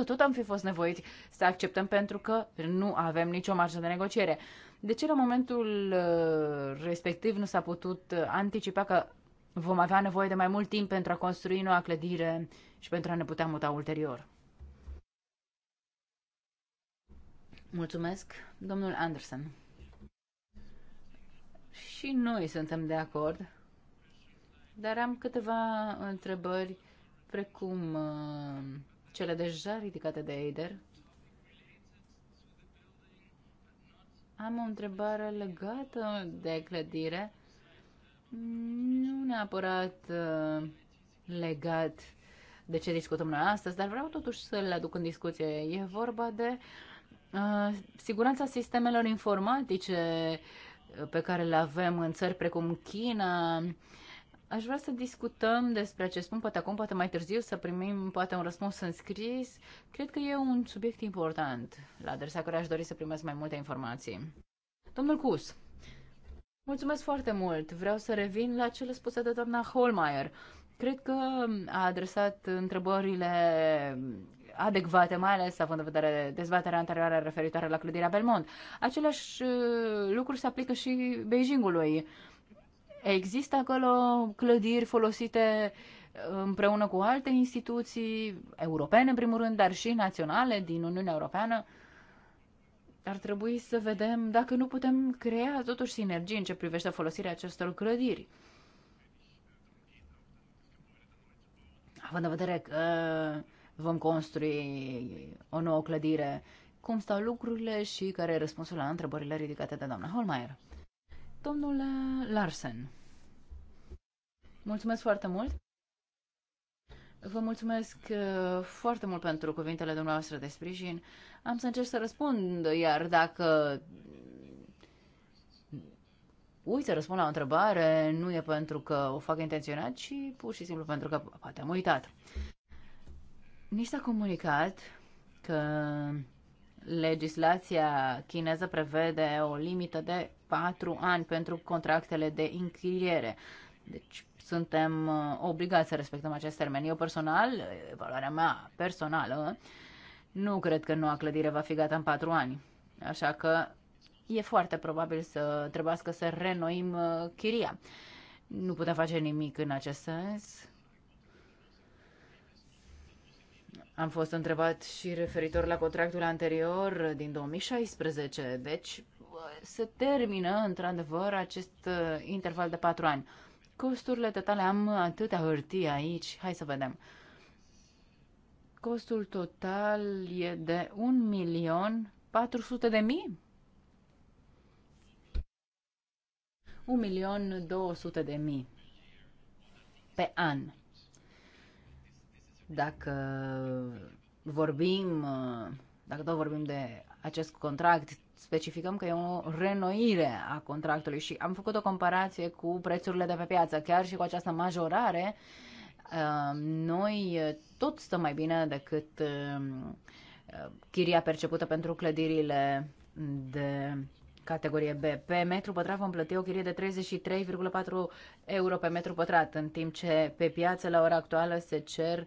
tot am fi fost nevoiți să acceptăm pentru că nu avem nicio marjă de negociere. De ce la momentul uh, respectiv nu s-a putut uh, anticipa că vom avea nevoie de mai mult timp pentru a construi noua clădire și pentru a ne putea muta ulterior? Mulțumesc, domnul Anderson. Și noi suntem de acord dar am câteva întrebări precum uh, cele deja ridicate de Eider. Am o întrebare legată de clădire, nu neapărat uh, legat de ce discutăm noi astăzi, dar vreau totuși să le aduc în discuție. E vorba de uh, siguranța sistemelor informatice uh, pe care le avem în țări precum China, Aș vrea să discutăm despre acest punct, poate acum, poate mai târziu, să primim poate un răspuns în scris. Cred că e un subiect important, la adresa care aș dori să primesc mai multe informații. Domnul Cus, mulțumesc foarte mult. Vreau să revin la cele spuse de doamna Holmeier. Cred că a adresat întrebările adecvate, mai ales având în vedere dezbaterea anterioară referitoare la clădirea Belmont. Aceleași uh, lucruri se aplică și Beijingului. Există acolo clădiri folosite uh, împreună cu alte instituții europene, în primul rând, dar și naționale din Uniunea Europeană. Ar trebui să vedem dacă nu putem crea totuși sinergii în ce privește folosirea acestor clădiri. Având în vedere că vom construi o nouă clădire, cum stau lucrurile și care e răspunsul la întrebările ridicate de doamna Holmeier? Domnule Larsen, mulțumesc foarte mult. Vă mulțumesc uh, foarte mult pentru cuvintele dumneavoastră de sprijin. Am să încerc să răspund, iar dacă uit să răspund la o întrebare, nu e pentru că o fac intenționat, ci pur și simplu pentru că poate am uitat. Ni s-a comunicat că legislația chineză prevede o limită de patru ani pentru contractele de închiriere. Deci suntem uh, obligați să respectăm acest termen. Eu personal, valoarea mea personală, nu cred că noua clădire va fi gata în patru ani. Așa că e foarte probabil să trebuiască să renoim uh, chiria. Nu putem face nimic în acest sens. Am fost întrebat și referitor la contractul anterior din 2016, deci se termină, într-adevăr, acest uh, interval de patru ani. Costurile totale, am atâtea hârtie aici, hai să vedem. Costul total e de 1.400.000? milion de mii? 1 milion de mii pe an. Dacă vorbim, uh, dacă tot vorbim de acest contract specificăm că e o renoire a contractului și am făcut o comparație cu prețurile de pe piață, chiar și cu această majorare, uh, noi uh, tot stăm mai bine decât uh, chiria percepută pentru clădirile de categorie B. Pe metru pătrat vom plăti o chirie de 33,4 euro pe metru pătrat, în timp ce pe piață la ora actuală se cer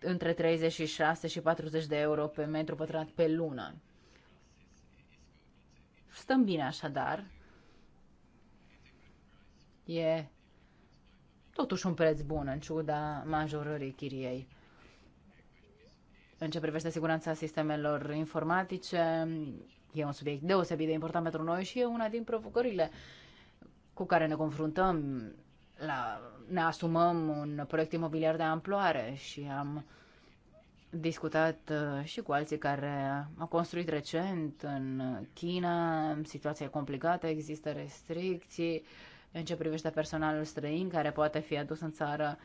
între 36 și 40 de euro pe metru pătrat pe lună. Stăm bine așadar. E totuși un preț bun în ciuda majorării chiriei. În ce privește siguranța sistemelor informatice, e un subiect deosebit de important pentru noi și e una din provocările cu care ne confruntăm. La, ne asumăm un proiect imobiliar de amploare și am discutat uh, și cu alții care au construit recent în China, situația complicată, există restricții în ce privește personalul străin care poate fi adus în țară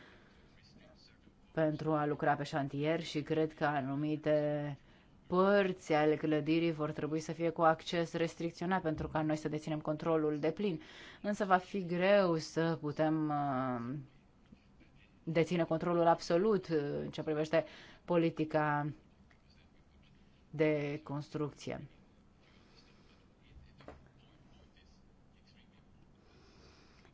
pentru a lucra pe șantier și cred că anumite părți ale clădirii vor trebui să fie cu acces restricționat pentru ca noi să deținem controlul de plin. Însă va fi greu să putem uh, deține controlul absolut în ce privește uh, politica de construcție.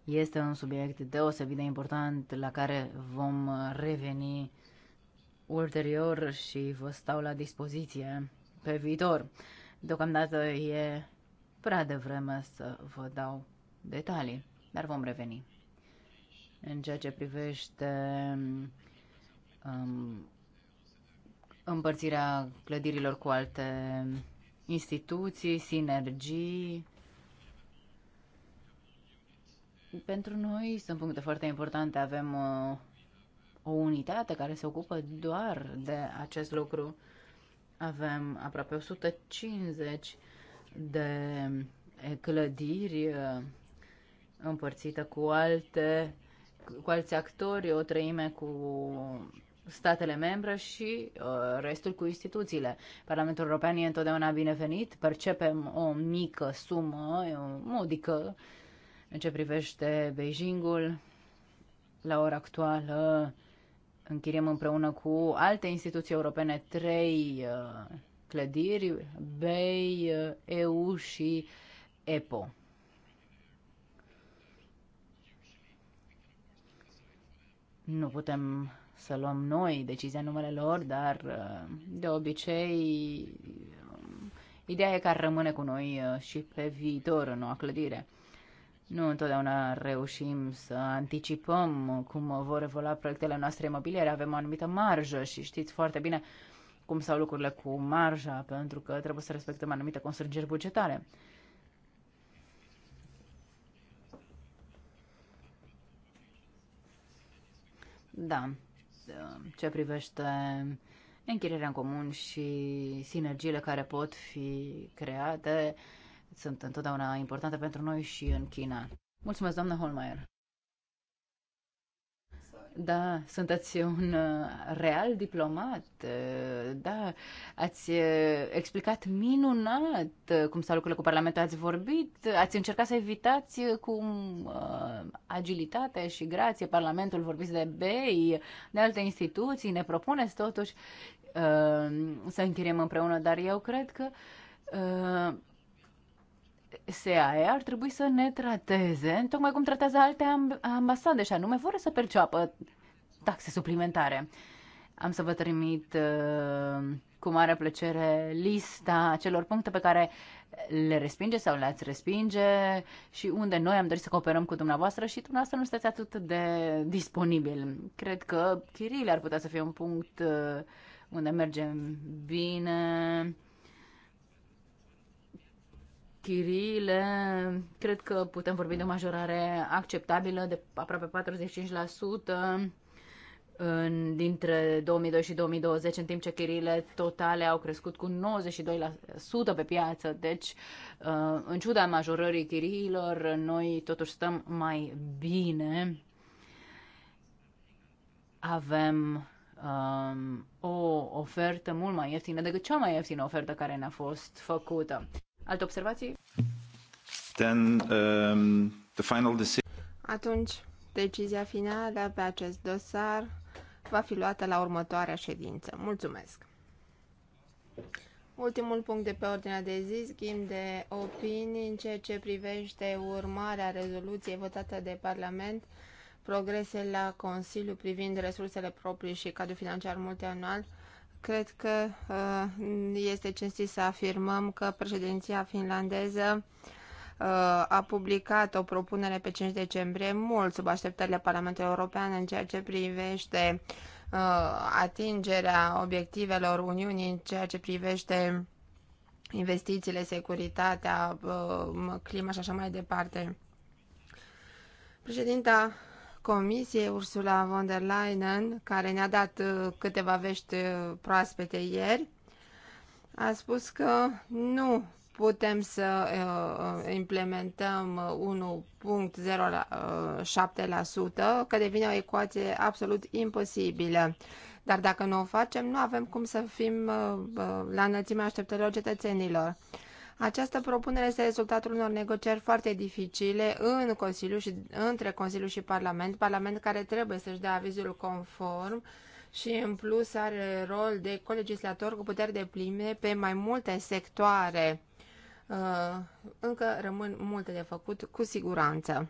Este un subiect deosebit de important la care vom reveni ulterior și vă stau la dispoziție pe viitor. Deocamdată e prea devreme să vă dau detalii, dar vom reveni. În ceea ce privește um, împărțirea clădirilor cu alte instituții, sinergii. Pentru noi sunt puncte foarte importante. Avem uh, o unitate care se ocupă doar de acest lucru. Avem aproape 150 de clădiri uh, împărțite cu alte cu alți actori, o treime cu statele membre și uh, restul cu instituțiile. Parlamentul European e întotdeauna binevenit, percepem o mică sumă, o modică, în ce privește Beijingul. La ora actuală închiriem împreună cu alte instituții europene trei uh, clădiri, BEI, uh, EU și EPO. Nu putem să luăm noi decizia numele lor, dar uh, de obicei um, ideea e că ar rămâne cu noi uh, și pe viitor în noua clădire. Nu întotdeauna reușim să anticipăm cum vor evolua proiectele noastre imobiliare, avem o anumită marjă și știți foarte bine cum stau lucrurile cu marja, pentru că trebuie să respectăm anumite constrângeri bugetare. Da, ce privește închirierea în comun și sinergiile care pot fi create sunt întotdeauna importante pentru noi și în China. Mulțumesc, doamnă Holmeier! Da, sunteți un uh, real diplomat. Uh, da, ați uh, explicat minunat cum stau lucrurile cu Parlamentul. Ați vorbit, ați încercat să evitați cu agilitate și grație Parlamentul. Vorbiți de BEI, de alte instituții. Ne propuneți totuși să închiriem împreună, dar eu cred că SAE ar trebui să ne trateze, tocmai cum tratează alte ambasade, și anume fără să perceapă taxe suplimentare. Am să vă trimit uh, cu mare plăcere lista celor puncte pe care le respinge sau le-ați respinge și unde noi am dorit să cooperăm cu dumneavoastră și dumneavoastră nu sunteți atât de disponibil. Cred că chiriile ar putea să fie un punct uh, unde mergem bine chiriile, cred că putem vorbi de o majorare acceptabilă de aproape 45% în, dintre 2002 și 2020, în timp ce chirile totale au crescut cu 92% pe piață. Deci, uh, în ciuda majorării chiriilor, noi totuși stăm mai bine. Avem um, o ofertă mult mai ieftină decât cea mai ieftină ofertă care ne-a fost făcută. Alte observații? Then, um, the final deci- Atunci, decizia finală pe acest dosar va fi luată la următoarea ședință. Mulțumesc! Ultimul punct de pe ordinea de zi, schimb de opinii în ceea ce privește urmarea rezoluției votată de Parlament, progrese la Consiliu privind resursele proprii și cadrul financiar multianual cred că uh, este cinstit să afirmăm că președinția finlandeză uh, a publicat o propunere pe 5 decembrie, mult sub așteptările Parlamentului European în ceea ce privește uh, atingerea obiectivelor Uniunii, în ceea ce privește investițiile, securitatea, clima și așa mai departe. Președinta Comisiei Ursula von der Leyen, care ne-a dat uh, câteva vești uh, proaspete ieri, a spus că nu putem să uh, implementăm 1.07%, că devine o ecuație absolut imposibilă. Dar dacă nu o facem, nu avem cum să fim la înălțimea așteptărilor cetățenilor. Această propunere este rezultatul unor negocieri foarte dificile în Consiliu și, între Consiliu și Parlament, Parlament care trebuie să-și dea avizul conform și în plus are rol de colegislator cu puteri de pline pe mai multe sectoare. Uh, încă rămân multe de făcut, cu siguranță.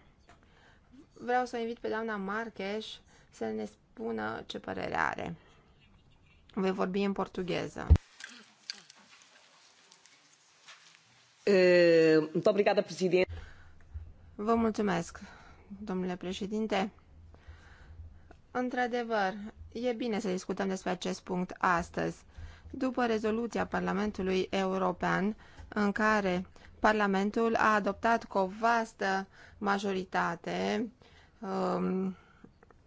Vreau să o invit pe doamna Marques să ne spună ce părere are. Voi vorbi în portugheză. Eh, muito Vă mulțumesc, domnule președinte. Într-adevăr, e bine să discutăm despre acest punct astăzi. După rezoluția Parlamentului European, în care Parlamentul a adoptat cu o vastă majoritate um,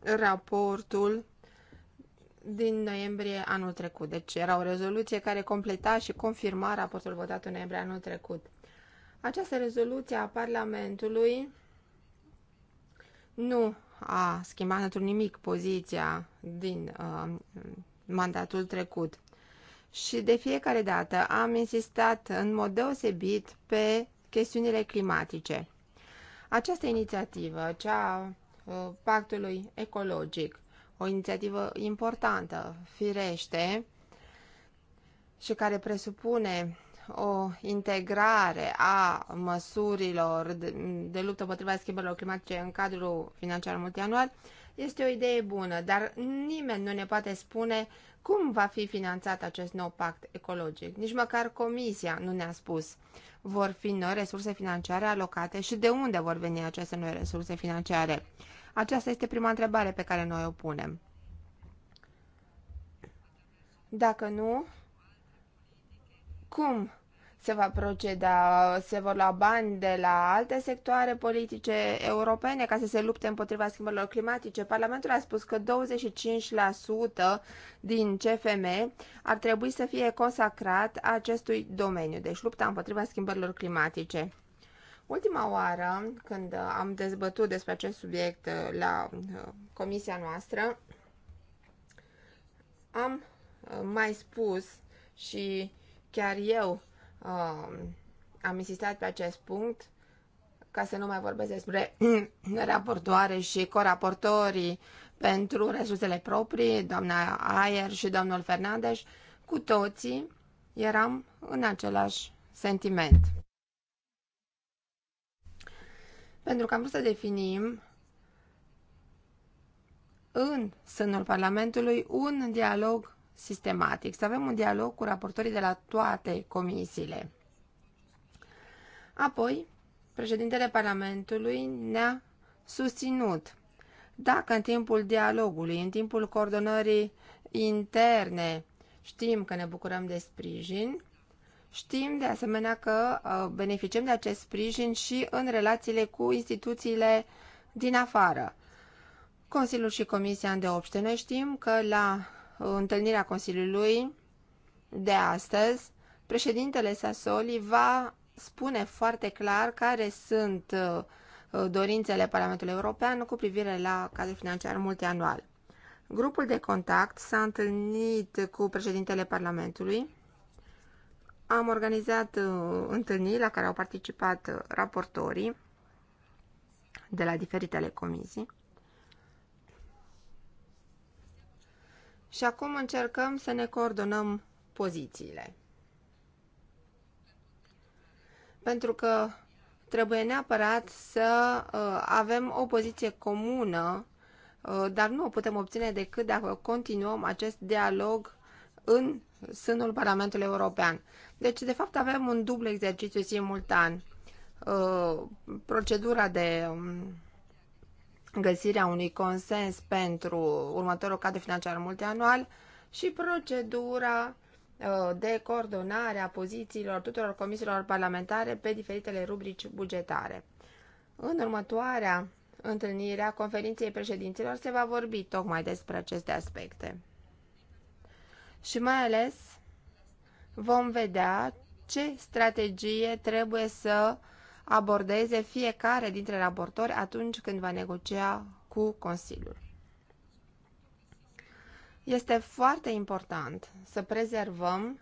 raportul din noiembrie anul trecut. Deci era o rezoluție care completa și confirma raportul votat în noiembrie anul trecut. Această rezoluție a Parlamentului nu a schimbat într-un nimic poziția din uh, mandatul trecut. Și de fiecare dată am insistat în mod deosebit pe chestiunile climatice. Această inițiativă, cea a uh, pactului ecologic, o inițiativă importantă, firește, și care presupune o integrare a măsurilor de, de luptă împotriva schimbărilor climatice în cadrul financiar multianual, este o idee bună, dar nimeni nu ne poate spune cum va fi finanțat acest nou pact ecologic. Nici măcar Comisia nu ne-a spus. Vor fi noi resurse financiare alocate și de unde vor veni aceste noi resurse financiare. Aceasta este prima întrebare pe care noi o punem. Dacă nu, cum se va proceda? Se vor lua bani de la alte sectoare politice europene ca să se lupte împotriva schimbărilor climatice? Parlamentul a spus că 25% din CFM ar trebui să fie consacrat acestui domeniu, deci lupta împotriva schimbărilor climatice. Ultima oară când am dezbătut despre acest subiect uh, la uh, comisia noastră, am uh, mai spus și chiar eu am insistat pe acest punct, ca să nu mai vorbesc despre raportoare și coraportorii pentru resursele proprii, doamna Ayer și domnul Fernandes, cu toții eram în același sentiment pentru că am vrut să definim în sânul Parlamentului un dialog sistematic, să avem un dialog cu raportorii de la toate comisiile. Apoi, președintele Parlamentului ne-a susținut. Dacă în timpul dialogului, în timpul coordonării interne, știm că ne bucurăm de sprijin, Știm de asemenea că uh, beneficiem de acest sprijin și în relațiile cu instituțiile din afară. Consiliul și Comisia îndeopște. Noi știm că la uh, întâlnirea Consiliului de astăzi, președintele Sassoli va spune foarte clar care sunt uh, dorințele Parlamentului European cu privire la cadrul financiar multianual. Grupul de contact s-a întâlnit cu președintele Parlamentului am organizat uh, întâlniri la care au participat uh, raportorii de la diferitele comisii. Și acum încercăm să ne coordonăm pozițiile. Pentru că trebuie neapărat să uh, avem o poziție comună, dar nu o putem obține decât dacă continuăm acest dialog în sânul Parlamentului European. Deci, de fapt, avem un dublu exercițiu simultan. Uh, procedura de um, găsirea unui consens pentru următorul cadru financiar multianual și procedura uh, de coordonare a pozițiilor tuturor comisiilor parlamentare pe diferitele rubrici bugetare. În următoarea întâlnire a conferinței președinților se va vorbi tocmai despre aceste aspecte și mai ales vom vedea ce strategie trebuie să abordeze fiecare dintre raportori atunci când va negocia cu Consiliul. Este foarte important să prezervăm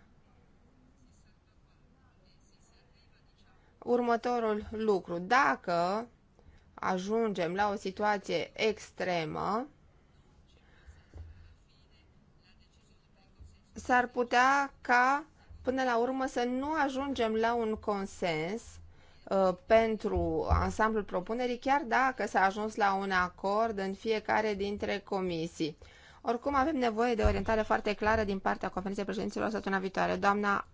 următorul lucru. Dacă ajungem la o situație extremă, s-ar putea ca până la urmă să nu ajungem la un consens uh, pentru ansamblul propunerii, chiar dacă s-a ajuns la un acord în fiecare dintre comisii. Oricum, avem nevoie de orientare foarte clară din partea Conferinței Președinților săptămâna viitoare. Doamna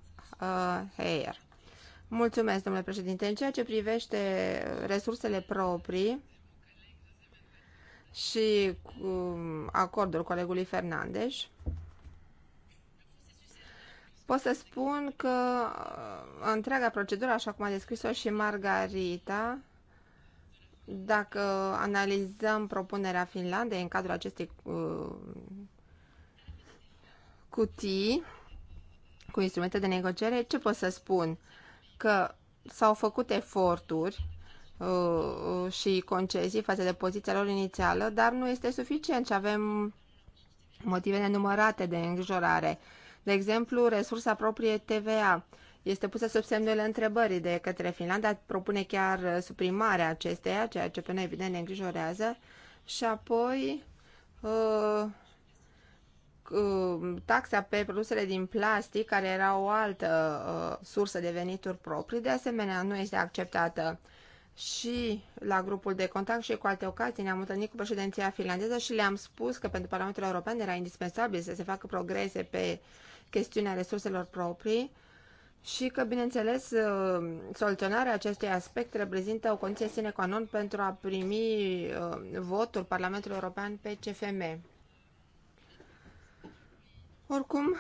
uh, Heyer. Mulțumesc, domnule președinte. În ceea ce privește resursele proprii și uh, acordul colegului Fernandes, Pot să spun că uh, întreaga procedură, așa cum a descris-o și Margarita, dacă analizăm propunerea Finlandei în cadrul acestei uh, cutii cu instrumente de negociere, ce pot să spun? Că s-au făcut eforturi uh, uh și concesii față de poziția lor inițială, dar nu este suficient și avem motive nenumărate de îngrijorare. Uh, de exemplu, resursa proprie TVA este pusă sub semnul întrebării de către Finlanda, propune chiar suprimarea acesteia, ceea ce pe noi evident ne îngrijorează, și apoi uh, uh, taxa pe produsele din plastic, care era o altă uh, sursă de venituri proprii, de asemenea nu este acceptată și la grupul de contact și cu alte ocazii ne-am întâlnit cu președinția finlandeză și le-am spus că pentru Parlamentul European era indispensabil să se facă progrese pe uh, chestiunea resurselor proprii și că, bineînțeles, uh, soluționarea acestui aspect reprezintă o condiție sine qua non pentru a primi uh, votul Parlamentului European pe CFM. Oricum,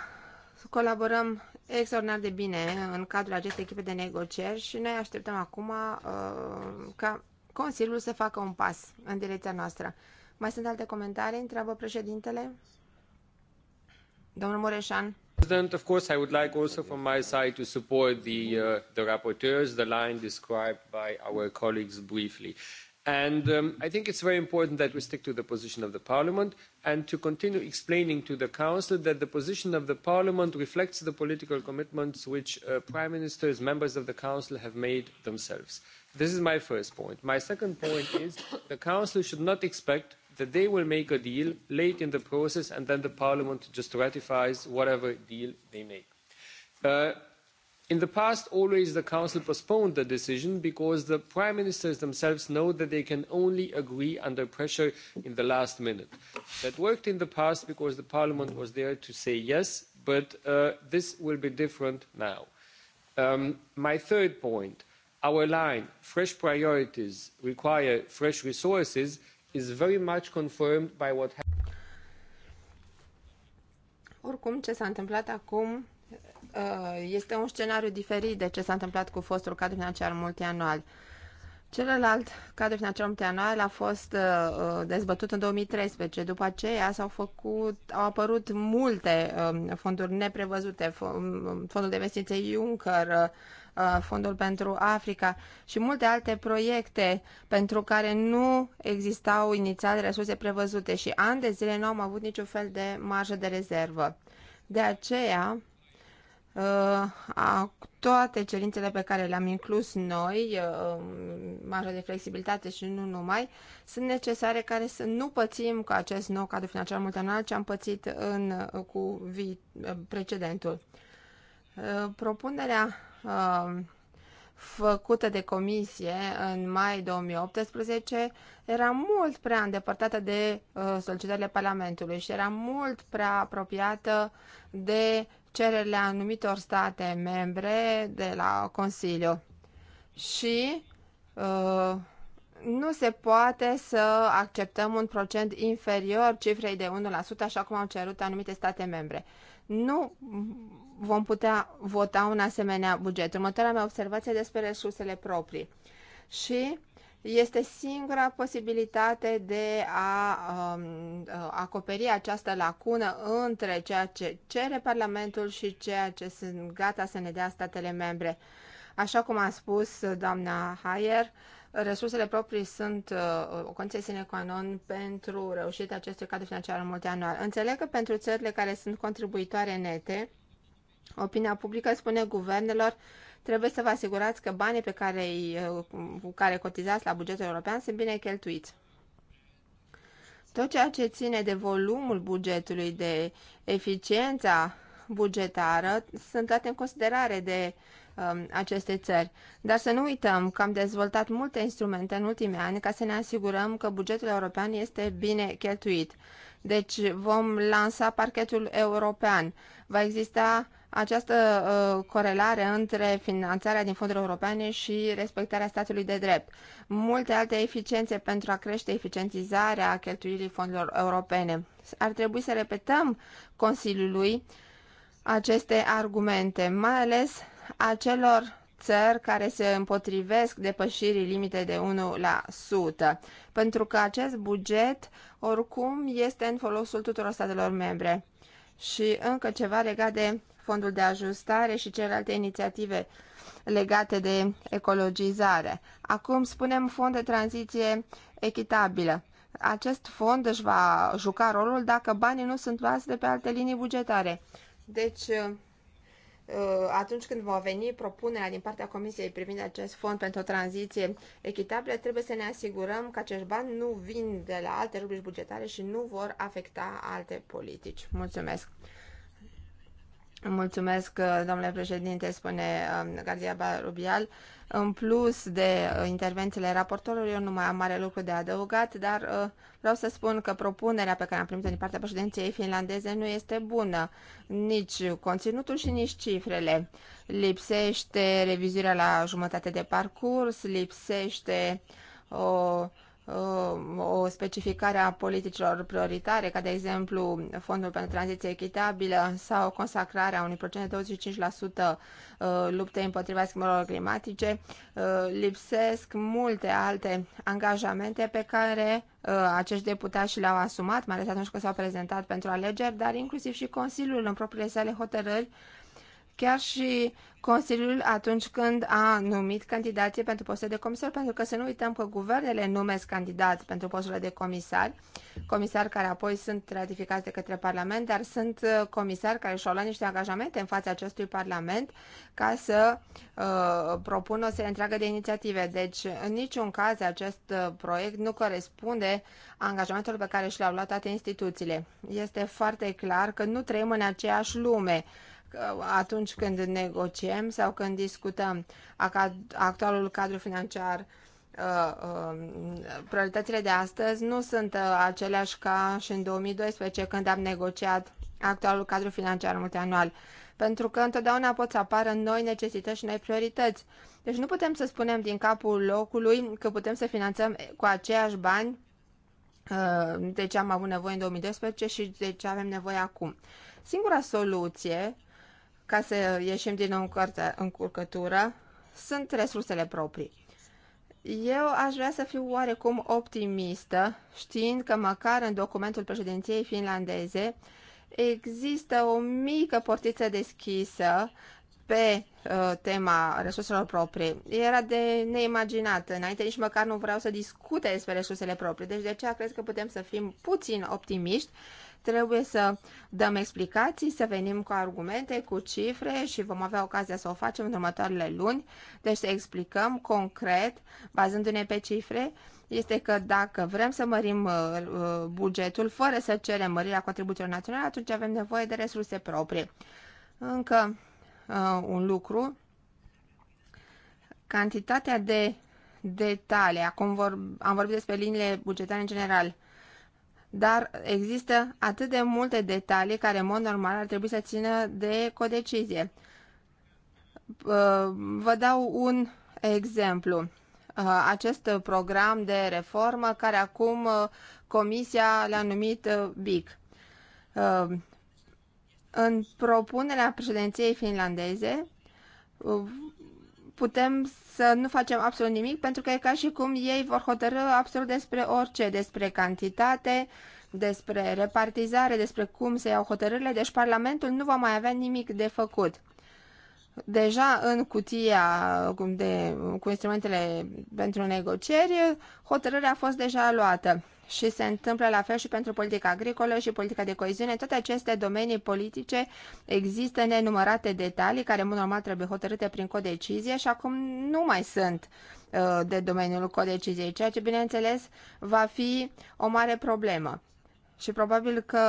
colaborăm extraordinar de bine în cadrul acestei echipe de negocieri și noi așteptăm acum uh, ca Consiliul să facă un pas în direcția noastră. Mai sunt alte comentarii? Întreabă președintele. Domnul Mureșan. President, of course, I would like also from my side to support the, uh, the rapporteurs, the line described by our colleagues briefly. And um, I think it's very important that we stick to the position of the Parliament and to continue explaining to the Council that the position of the Parliament reflects the political commitments which uh, Prime Ministers, members of the Council have made themselves. This is my first point. My second point is the Council should not expect that they will make a deal late in the process and then the parliament just ratifies whatever deal they make. Uh, in the past, always the council postponed the decision because the prime ministers themselves know that they can only agree under pressure in the last minute. That worked in the past because the parliament was there to say yes, but uh, this will be different now. Um, my third point, our line, fresh priorities require fresh resources, is very much confirmed by what Oricum, ce s-a întâmplat acum uh, este un scenariu diferit de ce s-a întâmplat cu fostul cadru financiar multianual. Celălalt cadru financiar multianual a fost uh, uh dezbătut în 2013. După aceea s-au făcut, au apărut multe uh, fonduri neprevăzute, um, um, fondul de investiție Juncker, uh, uh, fondul pentru Africa și multe alte proiecte pentru care nu existau inițial resurse prevăzute și ani de zile nu am avut niciun fel de marjă de rezervă. De aceea, uh, toate cerințele pe care le-am inclus noi, uh, marjă de flexibilitate și nu numai, sunt necesare care să nu pățim cu acest nou cadru financiar multianual ce am pățit în, uh, cu vi, uh, precedentul. Propunerea făcută de comisie în mai 2018 era mult prea îndepărtată de solicitările Parlamentului și era mult prea apropiată de cererile anumitor state membre de la Consiliu. Și uh, nu se poate să acceptăm un procent inferior cifrei de 1%, așa cum au cerut anumite state membre. Nu vom putea vota un asemenea buget. Următoarea mea observație despre resursele proprii. Și este singura posibilitate de a um, uh, acoperi această lacună între ceea ce cere Parlamentul și ceea ce sunt gata să ne dea statele membre. Așa cum a spus doamna Hayer, resursele proprii sunt uh, o concesiune cu pentru reușita acestui cadru financiar multianual. Înțeleg că pentru țările care sunt contribuitoare nete, opinia publică spune guvernelor trebuie să vă asigurați că banii pe care, îi, cu care cotizați la bugetul european sunt bine cheltuiți. Tot ceea ce ține de volumul bugetului, de eficiența bugetară, sunt luate în considerare de um, aceste țări. Dar să nu uităm că am dezvoltat multe instrumente în ultimii ani ca să ne asigurăm că bugetul european este bine cheltuit. Deci vom lansa parchetul european. Va exista această uh, corelare între finanțarea din fonduri europene și respectarea statului de drept. Multe alte eficiențe pentru a crește eficientizarea cheltuielii fondurilor europene. Ar trebui să repetăm Consiliului aceste argumente, mai ales acelor țări care se împotrivesc depășirii limite de 1%, pentru că acest buget oricum este în folosul tuturor statelor membre. Și încă ceva legat de fondul de ajustare și celelalte inițiative legate de ecologizare. Acum spunem fond de tranziție echitabilă. Acest fond își va juca rolul dacă banii nu sunt luați de pe alte linii bugetare. Deci, Uh, atunci când va veni propunerea din partea Comisiei privind acest fond pentru o tranziție echitabilă, trebuie să ne asigurăm că acești bani nu vin de la alte rubrici bugetare și nu vor afecta alte politici. Mulțumesc! Mulțumesc, uh, domnule președinte, spune um, Gardia Barubial. În plus de uh, intervențiile raportorului, eu nu mai am mare lucru de adăugat, dar uh, vreau să spun că propunerea pe care am primit-o din partea președinției finlandeze nu este bună. Nici conținutul și nici cifrele. Lipsește revizuirea la jumătate de parcurs, lipsește o uh, Um, o specificare a politicilor prioritare, ca de exemplu Fondul pentru Tranziție Echitabilă sau consacrarea unui procent de 25% uh, lupte împotriva schimbărilor climatice, uh, lipsesc multe alte angajamente pe care uh, acești deputați și le-au asumat, mai ales atunci când s-au prezentat pentru alegeri, dar inclusiv și Consiliul în propriile sale hotărâri chiar și Consiliul atunci când a numit candidații pentru postul de comisar, pentru că să nu uităm că guvernele numesc candidați pentru posturile de comisar, comisari care apoi sunt ratificați de către Parlament, dar sunt uh, comisari care și-au luat niște angajamente în fața acestui Parlament ca să uh, propună o serie întreagă de inițiative. Deci, în niciun caz, acest uh, proiect nu corespunde angajamentelor pe care și le-au luat toate instituțiile. Este foarte clar că nu trăim în aceeași lume atunci când negociem sau când discutăm actualul cadru financiar uh, um, prioritățile de astăzi nu sunt uh, aceleași ca și în 2012 când am negociat actualul cadru financiar multianual, pentru că întotdeauna pot să apară noi necesități și noi priorități. Deci nu putem să spunem din capul locului că putem să finanțăm cu aceiași bani uh, de ce am avut nevoie în 2012 și de ce avem nevoie acum. Singura soluție ca să ieșim din încurcătură sunt resursele proprii. Eu aș vrea să fiu oarecum optimistă, știind că măcar în documentul președinției finlandeze există o mică portiță deschisă pe uh, tema resurselor proprii era de neimaginat. Înainte nici măcar nu vreau să discute despre resursele proprii, deci de aceea cred că putem să fim puțin optimiști. Trebuie să dăm explicații, să venim cu argumente, cu cifre și vom avea ocazia să o facem în următoarele luni. Deci să explicăm concret, bazându-ne pe cifre, este că dacă vrem să mărim uh, uh bugetul fără să cerem mărirea contribuțiilor naționale, atunci avem nevoie de resurse proprii. Încă uh, un lucru. Cantitatea de detalii, acum vor, am vorbit despre liniile bugetare în general, dar există atât de multe detalii care în mod normal ar trebui să țină de codecizie. Uh, vă dau un exemplu. Uh, acest program de reformă care acum uh, Comisia l-a numit BIC. În propunerea președinției finlandeze putem să nu facem absolut nimic pentru că e ca și cum ei vor hotărâ absolut despre orice, despre cantitate, despre repartizare, despre cum se iau hotărârile, deci Parlamentul nu va mai avea nimic de făcut. Deja în cutia de, cu instrumentele pentru negocieri, hotărârea a fost deja luată și se întâmplă la fel și pentru politica agricolă și politica de coeziune. Toate aceste domenii politice există nenumărate detalii care, în mod normal, trebuie hotărâte prin codecizie și acum nu mai sunt uh, de domeniul codeciziei, ceea ce, bineînțeles, va fi o mare problemă. Și probabil că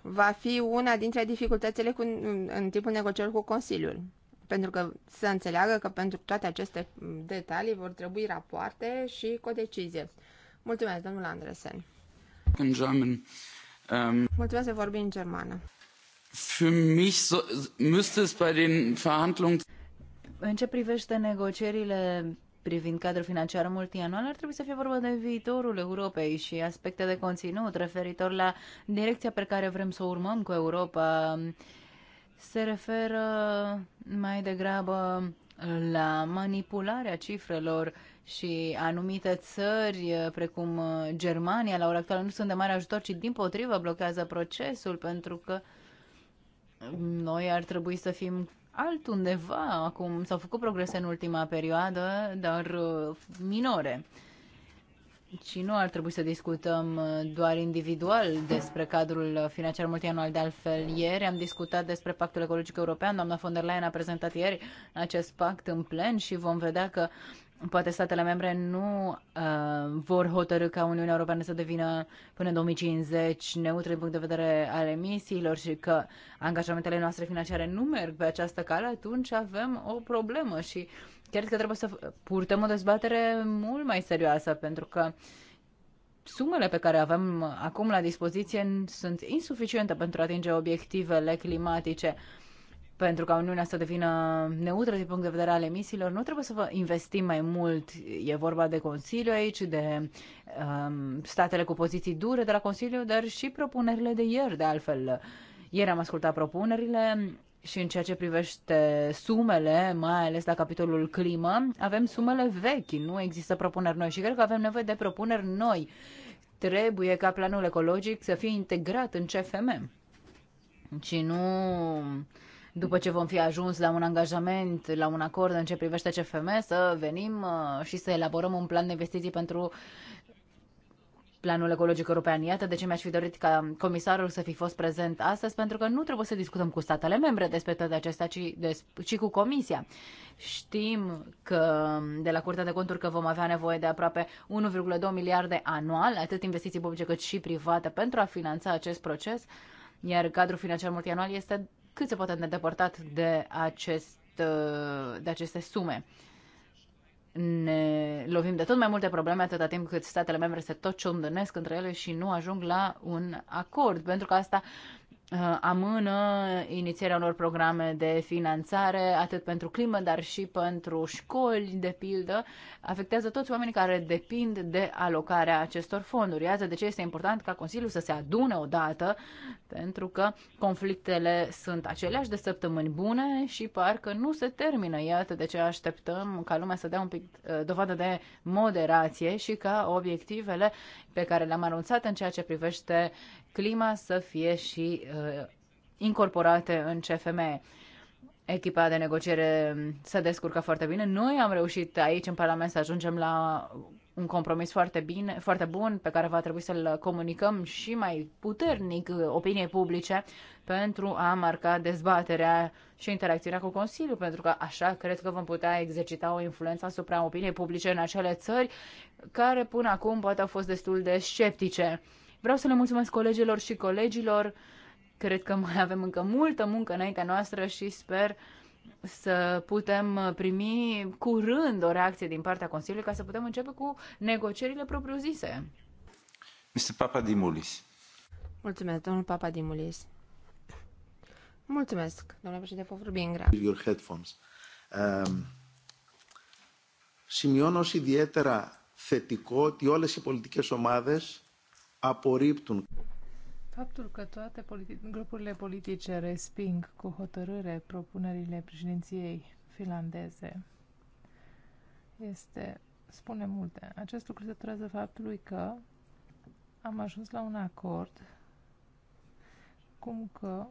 va fi una dintre dificultățile cu, în timpul negocierilor cu Consiliul. Pentru că să înțeleagă că pentru toate aceste detalii vor trebui rapoarte și codecizie. Mulțumesc, domnul Andresen. În german. Um... Mulțumesc să vorbi în germană. Für mich so, müsste es bei den Verhandlungen... În ce privește negocierile privind cadrul financiar multianual, ar trebui să fie vorba de viitorul Europei și aspecte de conținut referitor la direcția pe care vrem să o urmăm cu Europa. Se referă mai degrabă la manipularea cifrelor și anumite țări, eh, precum eh, Germania, la ora actuală nu sunt de mare ajutor, ci din potrivă blochează procesul, pentru că noi ar trebui să fim altundeva acum. S-au făcut progrese în ultima perioadă, dar eh, minore. Și nu ar trebui să discutăm doar individual despre cadrul financiar multianual. De altfel, ieri am discutat despre Pactul Ecologic European. Doamna von der Leyen a prezentat ieri acest pact în plen și vom vedea că poate statele membre nu uh, vor hotărâ ca Uniunea Europeană să devină până în 2050 neutră din punct de vedere al emisiilor și că angajamentele noastre financiare nu merg pe această cale, atunci avem o problemă și cred că trebuie să purtăm o dezbatere mult mai serioasă, pentru că sumele pe care avem acum la dispoziție sunt insuficiente pentru a atinge obiectivele climatice. Uh, pentru ca Uniunea să devină neutră din punct de vedere al emisiilor, nu trebuie să investim mai mult. E vorba de Consiliu aici, de um, statele cu poziții dure de la Consiliu, dar și propunerile de ieri, de altfel. Ieri am ascultat propunerile și în ceea ce privește sumele, mai ales la capitolul climă, avem sumele vechi, nu există propuneri noi și cred că avem nevoie de propuneri noi. Trebuie ca planul ecologic să fie integrat în CFM și nu după ce vom fi ajuns la un angajament, la un acord în ce privește CFM, să venim uh, și să elaborăm un plan de investiții pentru planul ecologic european. Iată de ce mi-aș fi dorit ca comisarul să fi fost prezent astăzi, pentru că nu trebuie să discutăm cu statele membre despre toate acestea, ci, des, ci cu Comisia. Știm că de la Curtea de Conturi că vom avea nevoie de aproape 1,2 miliarde anual, atât investiții publice cât și private, pentru a finanța acest proces, iar cadrul financiar multianual este cât se poate îndepărtat de, acest, de aceste sume. Ne lovim de tot mai multe probleme atâta timp cât statele membre se tot ciondănesc între ele și nu ajung la un acord, pentru că asta uh, Uh, amână inițierea unor programe de finanțare, atât pentru climă, dar și pentru școli, de pildă, afectează toți oamenii care depind de alocarea acestor fonduri. Iată de ce este important ca Consiliul să se adune odată, pentru că conflictele sunt aceleași de săptămâni bune și parcă nu se termină. Iată de ce așteptăm ca lumea să dea un pic uh, dovadă de moderație și ca obiectivele pe care le-am anunțat în ceea ce privește clima să fie și uh, incorporate în CFM. Echipa de negociere se descurcă foarte bine. Noi am reușit aici în Parlament să ajungem la un compromis foarte, bine, foarte bun pe care va trebui să-l comunicăm și mai puternic opiniei publice pentru a marca dezbaterea și interacțiunea cu Consiliul, pentru că așa cred că vom putea exercita o influență asupra opiniei publice în acele țări care până acum poate au fost destul de sceptice. Vreau să le mulțumesc colegilor și colegilor. Cred că mai avem încă multă muncă înaintea noastră și sper să putem primi curând o reacție din partea Consiliului ca să putem începe cu negocierile propriu-zise. Mr. Dimulis. Mulțumesc, domnul Papa Dimulis. Mulțumesc, domnule președinte, vorbim grea. Your headphones. Um, σημειώνω ως ιδιαίτερα θετικό ότι όλες οι πολιτικές ομάδες aporiptun. Faptul că toate politi- grupurile politice resping cu hotărâre propunerile președinției finlandeze este, spune multe. Acest lucru se trează faptului că am ajuns la un acord cum că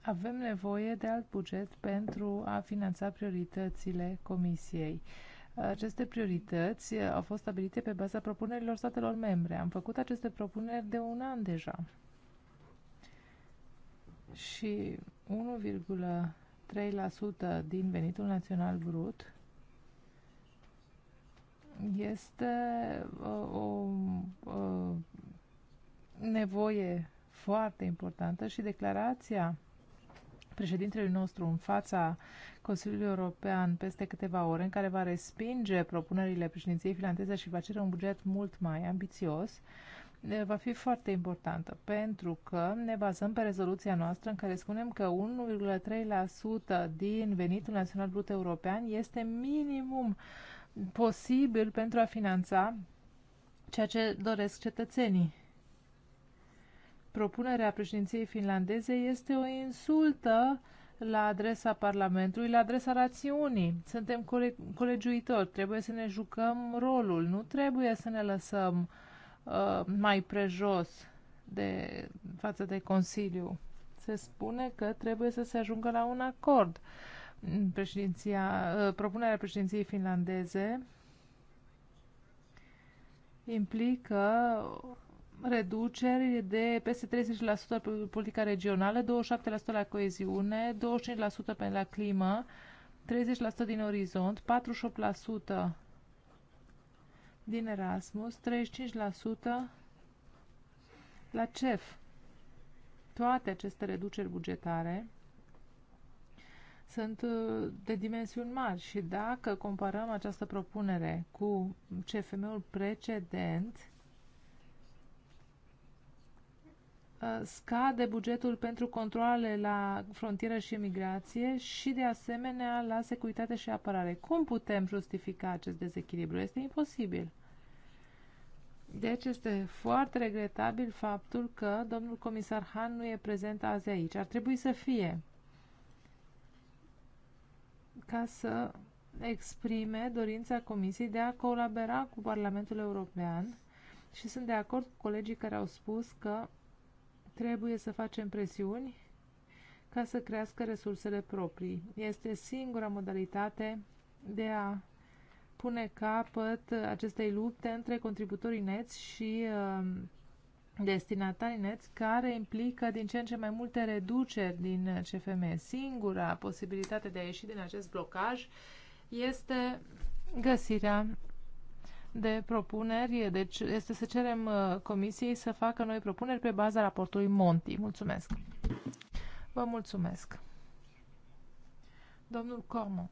avem nevoie de alt buget pentru a finanța prioritățile Comisiei. Uh, aceste priorități uh, au fost stabilite pe baza propunerilor statelor membre. Am făcut aceste propuneri de un an deja. Și 1,3% din venitul național brut este uh, o, o, uh, o nevoie foarte importantă și declarația președintele nostru în fața Consiliului European peste câteva ore, în care va respinge propunerile președinției finlandeze și va cere un buget mult mai ambițios, eh, va fi foarte importantă, pentru că ne bazăm pe rezoluția noastră în care spunem că 1,3% din venitul național brut european este minimum posibil pentru a finanța ceea ce doresc cetățenii propunerea președinției finlandeze este o insultă la adresa Parlamentului, la adresa rațiunii. Suntem cole colegiuitori, trebuie să ne jucăm rolul, nu trebuie să ne lăsăm uh, mai prejos de, față de Consiliu. Se spune că trebuie să se ajungă la un acord. Președinția, uh, propunerea președinției finlandeze implică reduceri de peste 30% la politica regională, 27% la coeziune, 25% pe la climă, 30% din orizont, 48% din Erasmus, 35% la CEF. Toate aceste reduceri bugetare sunt uh, de dimensiuni mari și dacă comparăm această propunere cu CFM-ul precedent, Uh, scade bugetul pentru controlele la frontieră și migrație și, de asemenea, la securitate și apărare. Cum putem justifica acest dezechilibru? Este imposibil. Deci este foarte regretabil faptul că domnul comisar Han nu e prezent azi aici. Ar trebui să fie ca să exprime dorința Comisiei de a colabora cu Parlamentul European și sunt de acord cu colegii care au spus că Trebuie să facem presiuni ca să crească resursele proprii. Este singura modalitate de a pune capăt acestei lupte între contributorii neți și uh, destinatarii neți, care implică din ce în ce mai multe reduceri din CFM. Singura posibilitate de a ieși din acest blocaj este găsirea de propuneri, deci este să cerem uh, comisiei să facă noi propuneri pe baza raportului Monti. Mulțumesc! Vă mulțumesc! Domnul Como.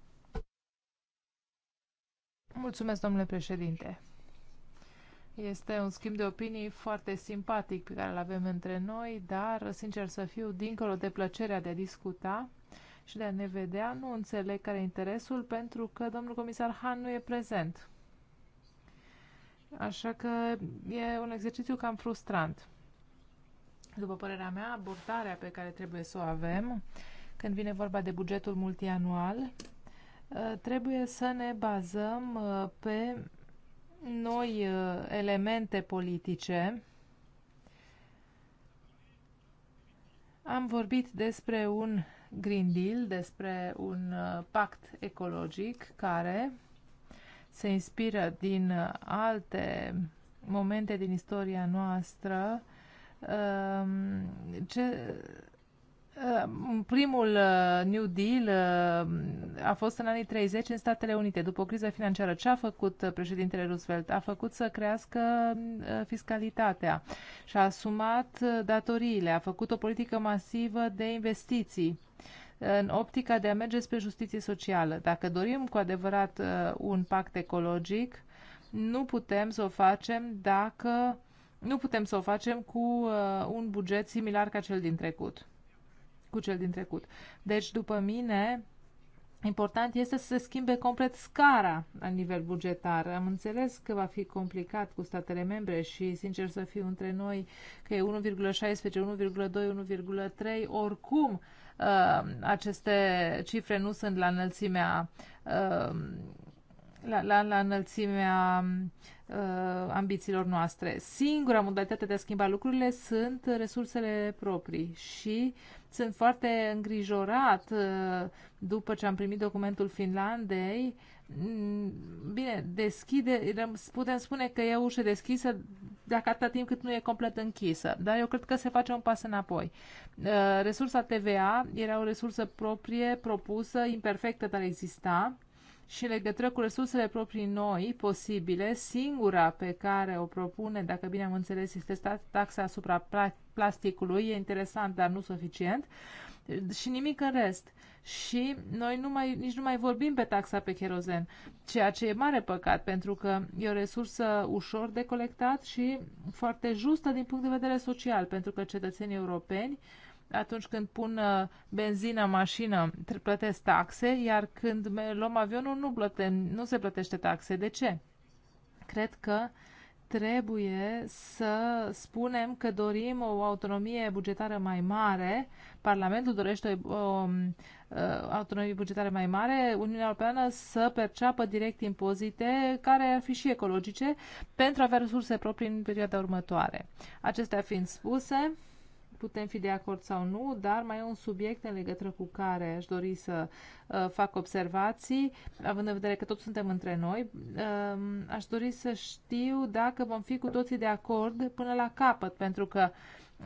Mulțumesc, domnule președinte. Este un schimb de opinii foarte simpatic pe care îl avem între noi, dar, sincer să fiu, dincolo de plăcerea de a discuta și de a ne vedea, nu înțeleg care e interesul, pentru că domnul comisar Han nu e prezent. Așa că e un exercițiu cam frustrant. După părerea mea, abordarea pe care trebuie să o avem când vine vorba de bugetul multianual, ă, trebuie să ne bazăm ă, pe noi ă, elemente politice. Am vorbit despre un Green Deal, despre un pact ecologic care se inspiră din uh, alte momente din istoria noastră. Um, ce, um, primul uh, New Deal uh, a fost în anii 30 în Statele Unite. După o criză financiară, ce a făcut președintele Roosevelt? A făcut să crească fiscalitatea și a asumat datoriile, a făcut o politică masivă de investiții în optica de a merge spre justiție socială. Dacă dorim cu adevărat uh, un pact ecologic, nu putem să o facem dacă nu putem să o facem cu uh, un buget similar ca cel din trecut. Cu cel din trecut. Deci, după mine, Important este să se schimbe complet scara la nivel bugetar. Am înțeles că va fi complicat cu statele membre și, sincer să fiu între noi, că e 1,16, 1,2, 1,3, oricum Ehm, aceste cifre nu sunt la înălțimea ehm, la, la, la înălțimea uh, ambițiilor noastre. Singura modalitate de a schimba lucrurile sunt resursele proprii și sunt foarte îngrijorat uh, după ce am primit documentul Finlandei Mm, bine, deschide, putem spune că e ușă deschisă dacă atâta timp cât nu e complet închisă, dar eu cred că se face un pas înapoi. Uh, resursa TVA era o resursă proprie, propusă, imperfectă, dar exista și în legătură cu resursele proprii noi, posibile, singura pe care o propune, dacă bine am înțeles, este taxa asupra plasticului, e interesant, dar nu suficient, și nimic în rest. Și noi nu mai, nici nu mai vorbim pe taxa pe cherozen, ceea ce e mare păcat, pentru că e o resursă ușor de colectat și foarte justă din punct de vedere social, pentru că cetățenii europeni uh, atunci când pun uh, benzină în mașină, plătesc taxe, iar când luăm avionul nu, plăte, nu se plătește taxe. De ce? Cred că trebuie să spunem că dorim o autonomie bugetară mai mare, Parlamentul dorește o, o um, uh, autonomie bugetară mai mare, Uniunea Europeană să perceapă direct impozite care ar fi și ecologice pentru a avea resurse proprii în perioada următoare. Acestea fiind spuse, putem fi de acord sau nu, dar mai e un subiect în legătură cu care aș dori să uh, fac observații, având în vedere că toți suntem între noi. Uh, aș dori să știu dacă vom fi cu toții de acord până la capăt, pentru că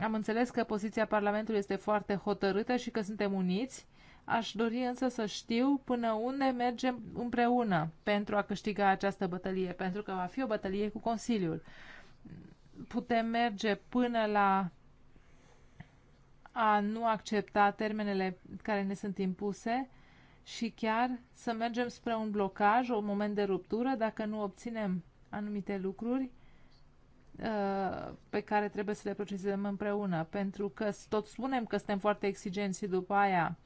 am înțeles că poziția Parlamentului este foarte hotărâtă și că suntem uniți. Aș dori însă să știu până unde mergem împreună pentru a câștiga această bătălie, pentru că va fi o bătălie cu Consiliul. Putem merge până la a nu accepta termenele care ne sunt impuse și chiar să mergem spre un blocaj, un moment de ruptură, dacă nu obținem anumite lucruri uh, pe care trebuie să le procesăm împreună. Pentru că tot spunem că suntem foarte exigenți și după aia,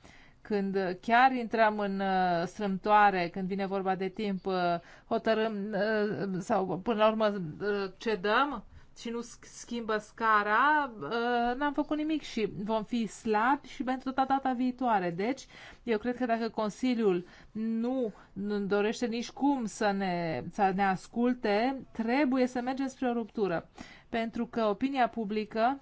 când chiar intrăm în uh, strâmtoare, când vine vorba de timp, uh, hotărâm sau până la urmă cedăm, și nu schimbă scara, uh, n-am făcut nimic și vom fi slabi și pentru toată data viitoare. Deci, eu cred că dacă Consiliul nu dorește nici cum să ne, să ne asculte, trebuie să mergem spre o ruptură. Pentru că opinia publică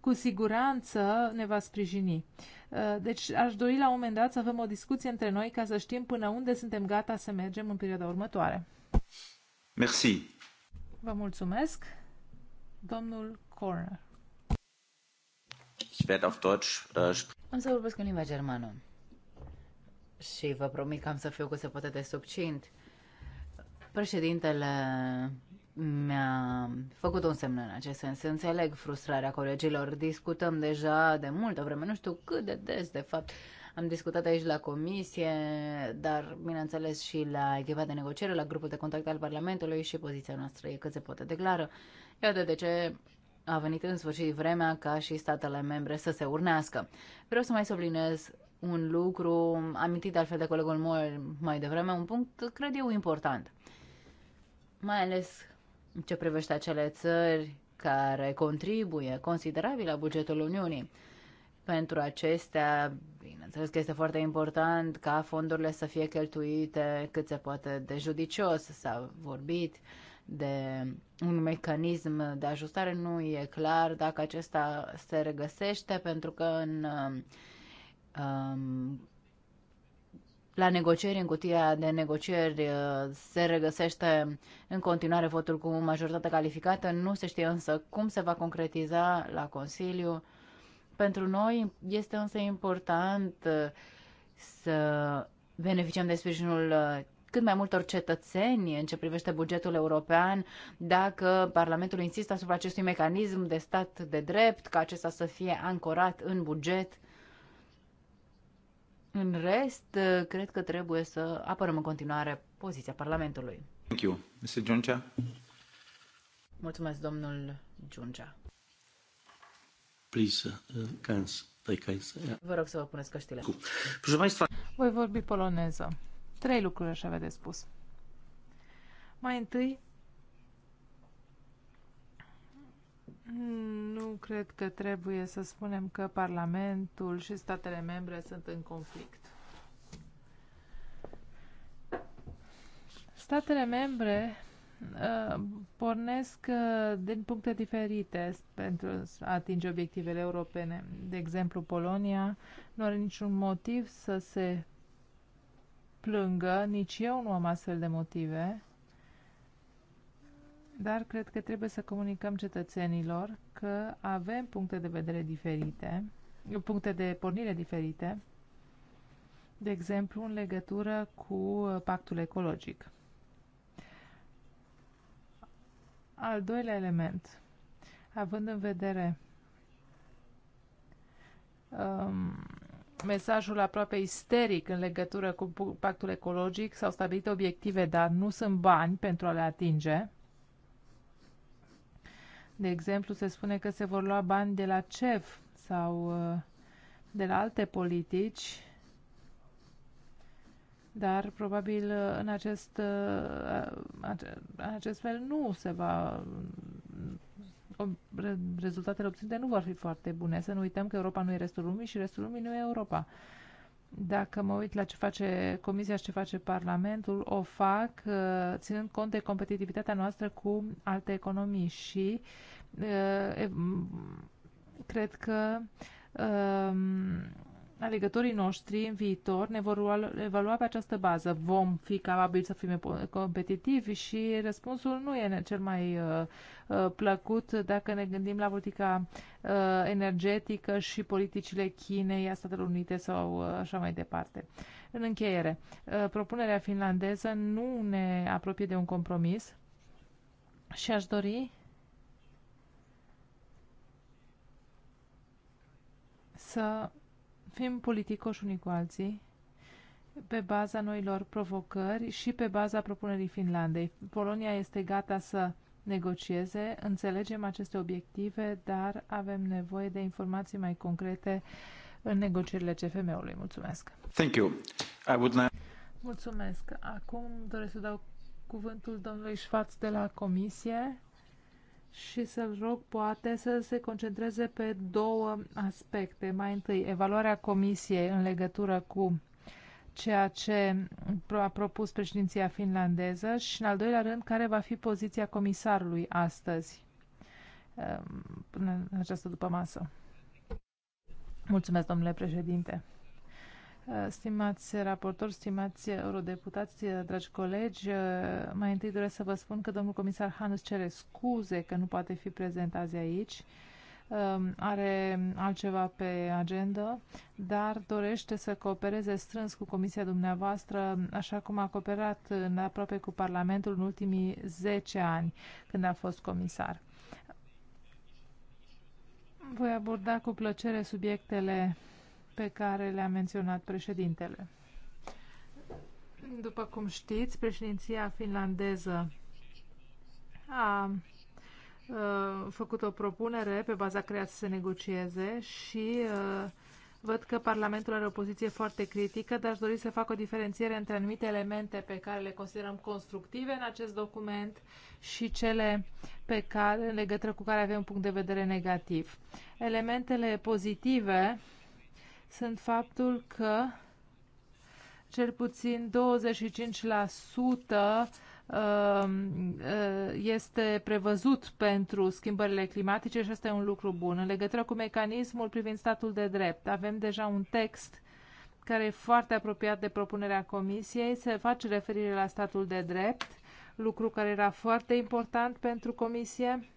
cu siguranță ne va sprijini. Uh, deci aș dori la un moment dat să avem o discuție între noi ca să știm până unde suntem gata să mergem în perioada următoare. Merci. Vă mulțumesc. Domnul Corner. Ich werde auf Deutsch uh, Am să vorbesc în limba germană. Și vă promit că am să fiu cât se poate de succint. Președintele mi-a făcut un semn în acest sens. Înțeleg frustrarea colegilor. Discutăm deja de multă vreme, nu știu cât de des, de fapt, am discutat aici la comisie, dar bineînțeles și la echipa de negociere, la grupul de contact al Parlamentului și poziția noastră e cât se poate declară. Iată de ce a venit în sfârșit vremea ca și statele membre să se urnească. Vreau să mai subliniez un lucru amintit de altfel de colegul meu mai devreme, un punct, cred eu, important. Mai ales ce privește acele țări care contribuie considerabil la bugetul Uniunii. Pentru acestea, bineînțeles că este foarte important ca fondurile să fie cheltuite cât se poate de judicios. S-a vorbit de un mecanism de ajustare, nu e clar dacă acesta se regăsește, pentru că în, um, la negocieri, în cutia de negocieri, uh, se regăsește în continuare votul cu majoritate calificată, nu se știe însă cum se va concretiza la Consiliu pentru noi este însă important uh, să beneficiem de sprijinul uh, cât mai multor cetățeni în ce privește bugetul european, dacă Parlamentul insistă asupra acestui mecanism de stat de drept, ca acesta să fie ancorat în buget. În rest, uh, cred că trebuie să apărăm în continuare poziția Parlamentului. Thank you. Mr. Mulțumesc, domnul Giuncea. Please, uh, cans, dai cans. Yeah. Vă rog să vă puneți căștile. Państwa... Voi vorbi poloneză. Trei lucruri aș avea de spus. Mai întâi, nu cred că trebuie să spunem că Parlamentul și statele membre sunt în conflict. Statele membre Uh, pornesc uh, din puncte diferite pentru a atinge obiectivele europene. De exemplu, Polonia nu are niciun motiv să se plângă, nici eu nu am astfel de motive, dar cred că trebuie să comunicăm cetățenilor că avem puncte de vedere diferite, puncte de pornire diferite, de exemplu, în legătură cu pactul ecologic. Al doilea element, având în vedere um, mesajul aproape isteric în legătură cu pactul ecologic, s-au stabilit obiective, dar nu sunt bani pentru a le atinge. De exemplu, se spune că se vor lua bani de la CEF sau uh, de la alte politici dar probabil în acest, uh, în acest fel nu se va rezultatele obținute nu vor fi foarte bune. Să nu uităm că Europa nu e restul lumii și restul lumii nu e Europa. Dacă mă uit la ce face Comisia și ce face Parlamentul, o fac uh, ținând cont de competitivitatea noastră cu alte economii și uh, cred că um, alegătorii noștri în viitor ne vor evalua pe această bază. Vom fi capabili să fim competitivi și răspunsul nu e cel mai uh, uh, plăcut dacă ne gândim la politica uh, energetică și politicile Chinei, a Statelor Unite sau așa mai departe. În încheiere, propunerea finlandeză nu ne apropie de un compromis și aș dori să fim politicoși unii cu alții pe baza noilor provocări și pe baza propunerii Finlandei. Polonia este gata să negocieze, înțelegem aceste obiective, dar avem nevoie de informații mai concrete în negocierile CFM-ului. Mulțumesc! Thank you. I would not... Mulțumesc! Acum doresc să dau cuvântul domnului Șfaț de la Comisie și să-l rog poate să se concentreze pe două aspecte. Mai întâi, evaluarea comisiei în legătură cu ceea ce a propus președinția finlandeză și, în al doilea rând, care va fi poziția comisarului astăzi, până um, în această după masă. Mulțumesc, domnule președinte. Uh, stimați raportori, stimați eurodeputați, uh, dragi colegi, uh, mai întâi doresc să vă spun că domnul comisar Hanus cere scuze că nu poate fi prezent azi aici. Um, are altceva pe agenda, dar dorește să coopereze strâns cu comisia dumneavoastră, așa cum a cooperat în aproape cu Parlamentul în ultimii 10 ani când a fost comisar. Voi aborda cu plăcere subiectele pe care le-a menționat președintele. După cum știți, președinția finlandeză a făcut o propunere pe baza creat să se negocieze și văd că Parlamentul are o poziție foarte critică, dar aș dori să fac o diferențiere între anumite elemente pe care le considerăm constructive în acest document și cele pe care, în legătură cu care avem un punct de vedere negativ. Elementele pozitive sunt faptul că cel puțin 25% um, uh, este prevăzut pentru schimbările climatice și asta e un lucru bun. În legătură cu mecanismul privind statul de drept, avem deja un text care e foarte apropiat de propunerea Comisiei, se face referire la statul de drept, lucru care era foarte important pentru Comisie.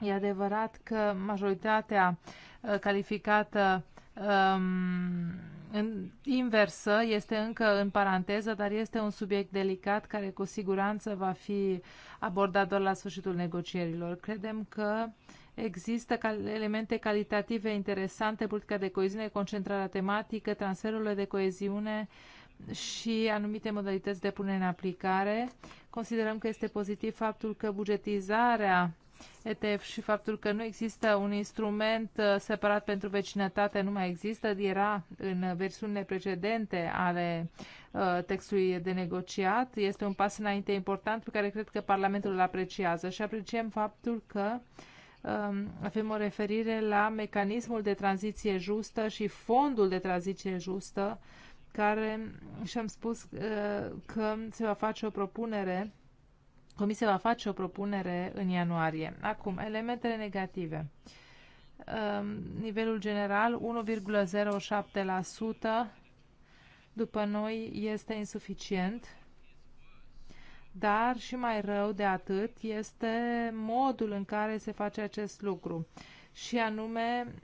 E adevărat că majoritatea uh, calificată um, în, inversă este încă în paranteză, dar este un subiect delicat care cu siguranță va fi abordat doar la sfârșitul negocierilor. Credem că Există elemente calitative interesante, politica de coeziune, concentrarea tematică, transferurile de coeziune și anumite modalități de punere în aplicare. Considerăm că este pozitiv faptul că bugetizarea ETF și faptul că nu există un instrument uh, separat pentru vecinătate nu mai există, era în versiunile precedente ale uh, textului de negociat. Este un pas înainte important pe care cred că Parlamentul îl apreciază și apreciem faptul că um, avem o referire la mecanismul de tranziție justă și fondul de tranziție justă care și-am spus uh, că se va face o propunere Comisia va face o propunere în ianuarie. Acum, elementele negative. Ehm, nivelul general 1,07% după noi este insuficient, dar și mai rău de atât este modul în care se face acest lucru și anume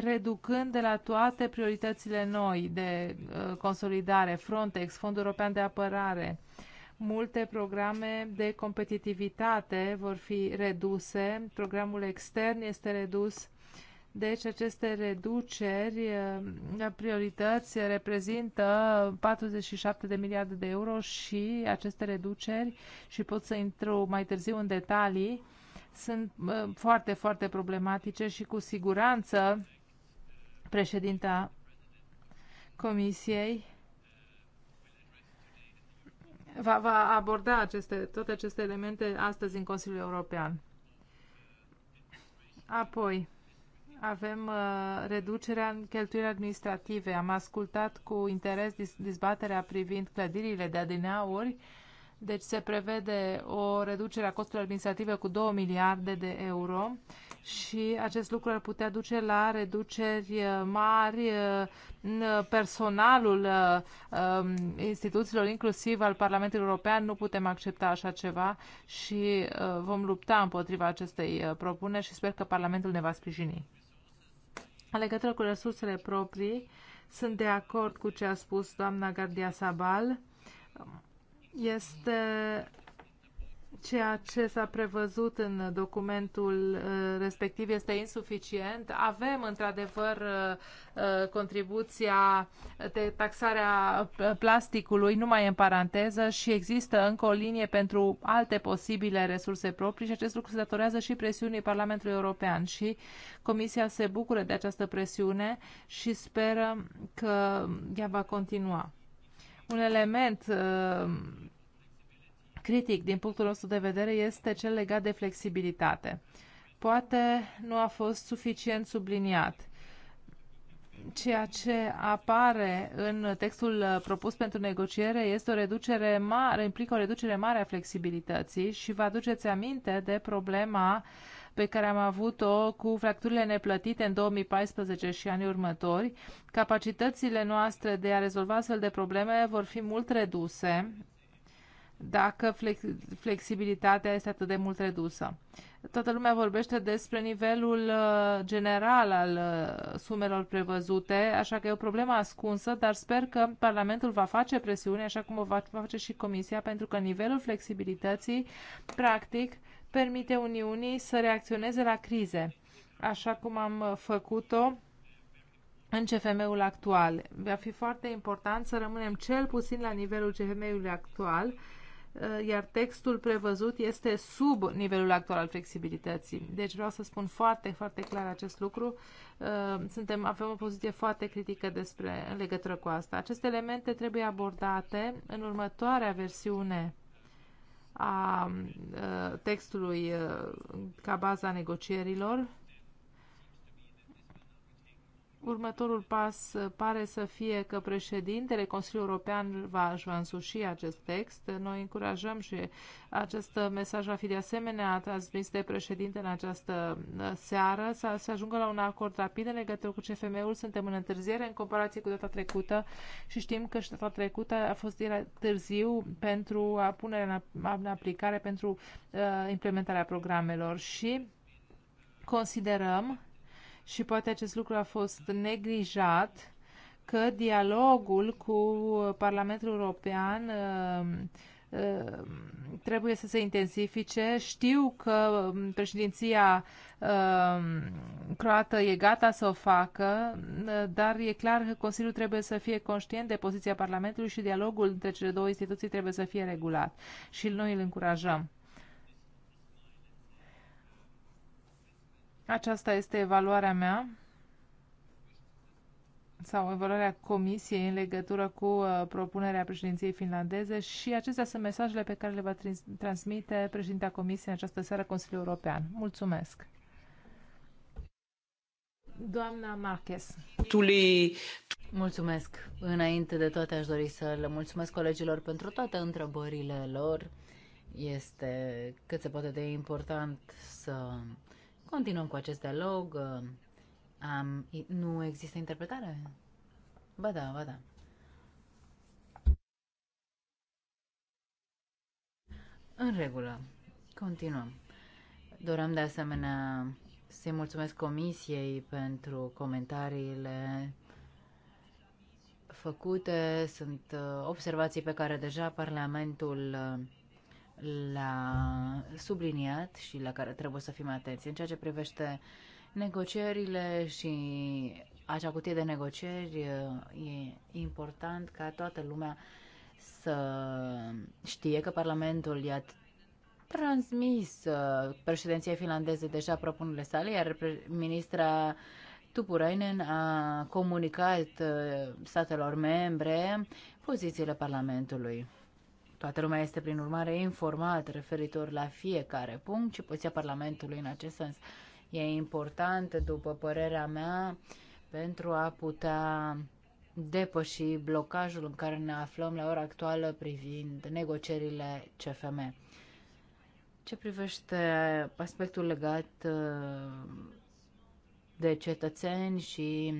reducând de la toate prioritățile noi de uh, consolidare, Frontex, Fondul European de Apărare, uh, multe programe de competitivitate vor fi reduse, programul extern este redus, deci aceste reduceri la uh, priorități reprezintă 47 de miliarde de euro și aceste reduceri, și pot să intru mai târziu în detalii, sunt uh, foarte, foarte problematice și cu siguranță președinta Comisiei va, va aborda aceste, toate aceste elemente astăzi în Consiliul European. Apoi, avem uh, reducerea în cheltuieli administrative. Am ascultat cu interes dezbaterea privind clădirile de adineauri uh, deci se prevede o reducere a costurilor administrative cu 2 miliarde de euro și acest lucru ar putea duce la reduceri uh, mari uh, în personalul uh, um, instituțiilor, inclusiv al Parlamentului European. Nu putem accepta așa ceva și vom lupta împotriva acestei propuneri și sper că Parlamentul ne va sprijini. În legătură cu resursele proprii, sunt de acord cu ce a spus doamna Gardia Sabal este ceea ce s-a prevăzut în documentul uh, respectiv este insuficient. Avem, într-adevăr, uh, uh, contribuția de taxarea plasticului, numai în paranteză, și există încă o linie pentru alte posibile resurse proprii și acest lucru se datorează și presiunii Parlamentului European și Comisia se bucură de această presiune și speră că ea va continua. Un element uh, critic din punctul nostru de vedere este cel legat de flexibilitate. Poate nu a fost suficient subliniat ceea ce apare în textul uh, propus pentru negociere este o reducere mare, implică o reducere mare a flexibilității și vă aduceți aminte de problema uh, pe care am avut-o cu fracturile neplătite în 2014 și anii următori, capacitățile noastre de a rezolva astfel de probleme vor fi mult reduse dacă flexibilitatea este atât de mult redusă. Toată lumea vorbește despre nivelul uh, general al uh, sumelor prevăzute, așa că e o problemă ascunsă, dar sper că Parlamentul va face presiune, așa cum o va face și Comisia, pentru că nivelul flexibilității, practic, permite Uniunii să reacționeze la crize, așa cum am uh, făcut-o în CFM-ul actual. Va fi foarte important să rămânem cel puțin la nivelul CFM-ului actual, uh, iar textul prevăzut este sub nivelul actual al flexibilității. Deci vreau să spun foarte, foarte clar acest lucru. Uh, suntem, avem o poziție foarte critică despre, în legătură cu asta. Aceste elemente trebuie abordate în următoarea versiune a textului ca baza negocierilor Următorul pas uh, pare să fie că președintele Consiliului European va, însuși acest text. Noi încurajăm și acest mesaj va fi de asemenea transmis de președintele în această uh, seară să se ajungă la un acord rapid în legătură cu CFM-ul. Suntem în întârziere în comparație cu data trecută și știm că și data trecută a fost târziu pentru a pune în aplicare, pentru uh, implementarea programelor și considerăm și poate acest lucru a fost neglijat, că dialogul cu Parlamentul European uh, uh, trebuie să se intensifice. Știu că um, președinția um, croată e gata să o facă, uh, dar e clar că Consiliul trebuie să fie conștient de poziția Parlamentului și dialogul între cele două instituții trebuie să fie regulat și noi îl încurajăm. Aceasta este evaluarea mea sau evaluarea comisiei în legătură cu uh, propunerea președinției finlandeze și acestea sunt mesajele pe care le va transmite președintea comisiei în această seară Consiliul European. Mulțumesc! Doamna Marques. Mulțumesc! Înainte de toate aș dori să le mulțumesc colegilor pentru toate întrebările lor. Este cât se poate de important să Continuăm cu acest dialog. Um, nu există interpretare? Ba da, ba da. În regulă. Continuăm. Dorăm de asemenea să-i mulțumesc comisiei pentru comentariile făcute. Sunt uh, observații pe care deja Parlamentul uh, la subliniat și la care trebuie să fim atenți. În ceea ce privește negocierile și acea cutie de negocieri, e important ca toată lumea să știe că Parlamentul i-a transmis uh, președinția finlandeze deja propunerile sale, iar ministra Tupurainen a comunicat uh, statelor membre pozițiile Parlamentului. Toată lumea este, prin urmare, informat referitor la fiecare punct și poziția Parlamentului în acest sens. E important, după părerea mea, pentru a putea depăși blocajul în care ne aflăm la ora actuală privind negocierile CFM. Ce privește aspectul legat uh, de cetățeni și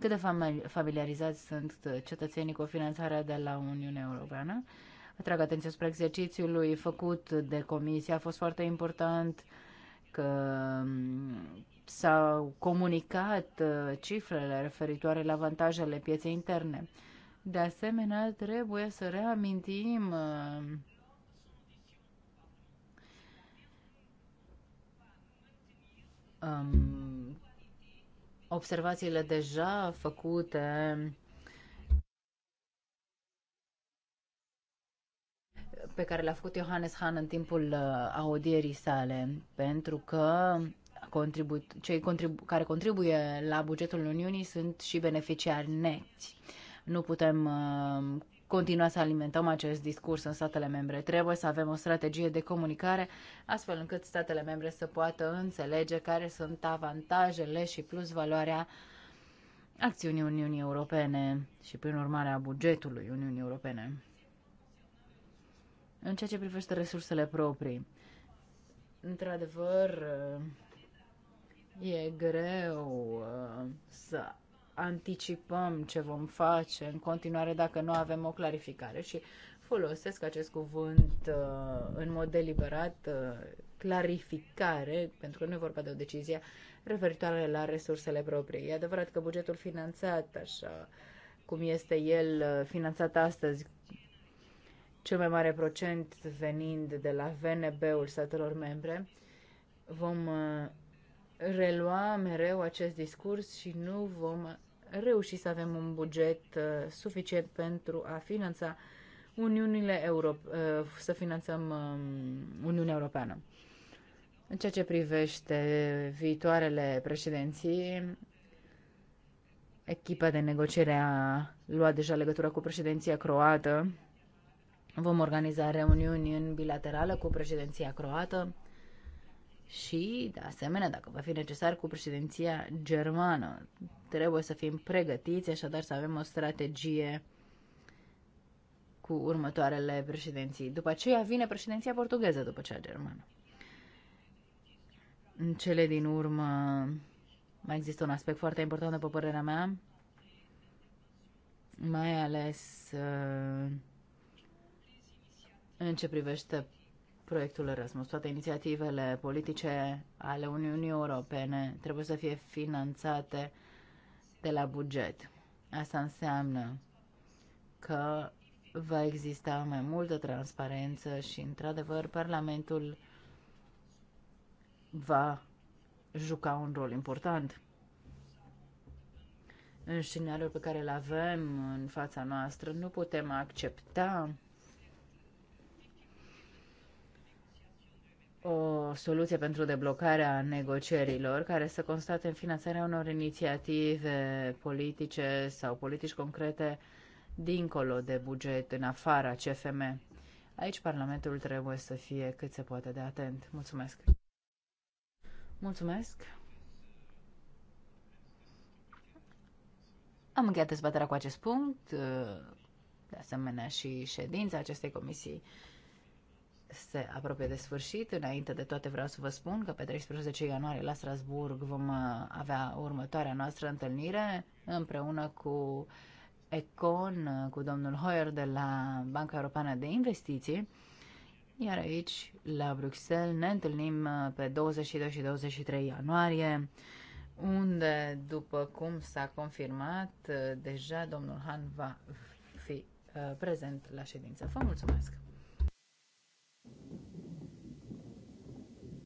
cât de familiarizați sunt cetățenii cu finanțarea de la Uniunea Europeană, Atrag atenția spre exercițiul lui făcut de comisie. A fost foarte important că mm, s-au comunicat uh, cifrele referitoare la avantajele pieței interne. De asemenea, trebuie să reamintim uh, um, observațiile deja făcute pe care l a făcut Johannes Hahn în timpul uh, audierii sale, pentru că contribu- cei contribu- care contribuie la bugetul Uniunii sunt și beneficiari neți. Nu putem uh, continua să alimentăm acest discurs în statele membre. Trebuie să avem o strategie de comunicare astfel încât statele membre să poată înțelege care sunt avantajele și plus valoarea acțiunii Uniunii Europene și prin urmare a bugetului Uniunii Europene. În ceea ce privește resursele proprii, într-adevăr, e greu uh, să anticipăm ce vom face în continuare dacă nu avem o clarificare și folosesc acest cuvânt uh, în mod deliberat, uh, clarificare, pentru că nu e vorba de o decizie referitoare la resursele proprii. E adevărat că bugetul finanțat, așa cum este el finanțat astăzi, cel mai mare procent venind de la VNB-ul statelor membre, vom uh, relua mereu acest discurs și nu vom reuși să avem un buget uh, suficient pentru a finanța Uniunile Europe, uh, să finanțăm um, Uniunea Europeană. În ceea ce privește viitoarele președinții, echipa de negociere a luat deja legătura cu președinția croată Vom organiza reuniuni în bilaterală cu președinția croată și, de asemenea, dacă va fi necesar, cu președinția germană. Trebuie să fim pregătiți, așadar să avem o strategie cu următoarele președinții. După aceea vine președinția portugheză, după cea germană. În cele din urmă mai există un aspect foarte important, după părerea mea, mai ales uh, în ce privește proiectul Erasmus, toate inițiativele politice ale Uniunii Europene trebuie să fie finanțate de la buget. Asta înseamnă că va exista mai multă transparență și, într-adevăr, Parlamentul va juca un rol important. În scenariul pe care îl avem în fața noastră, nu putem accepta o soluție pentru deblocarea negocierilor care să constate în finanțarea unor inițiative politice sau politici concrete dincolo de buget, în afara CFM. Aici Parlamentul trebuie să fie cât se poate de atent. Mulțumesc! Mulțumesc! Am încheiat dezbaterea cu acest punct, de asemenea și ședința acestei comisii se apropie de sfârșit. Înainte de toate vreau să vă spun că pe 13 ianuarie la Strasburg vom uh, avea următoarea noastră întâlnire împreună cu Econ, uh, cu domnul Hoyer de la Banca Europeană de Investiții. Iar aici, la Bruxelles, ne întâlnim uh, pe 22 și 23 ianuarie, unde, după cum s-a confirmat, deja domnul Han va fi prezent la ședință. Vă mulțumesc!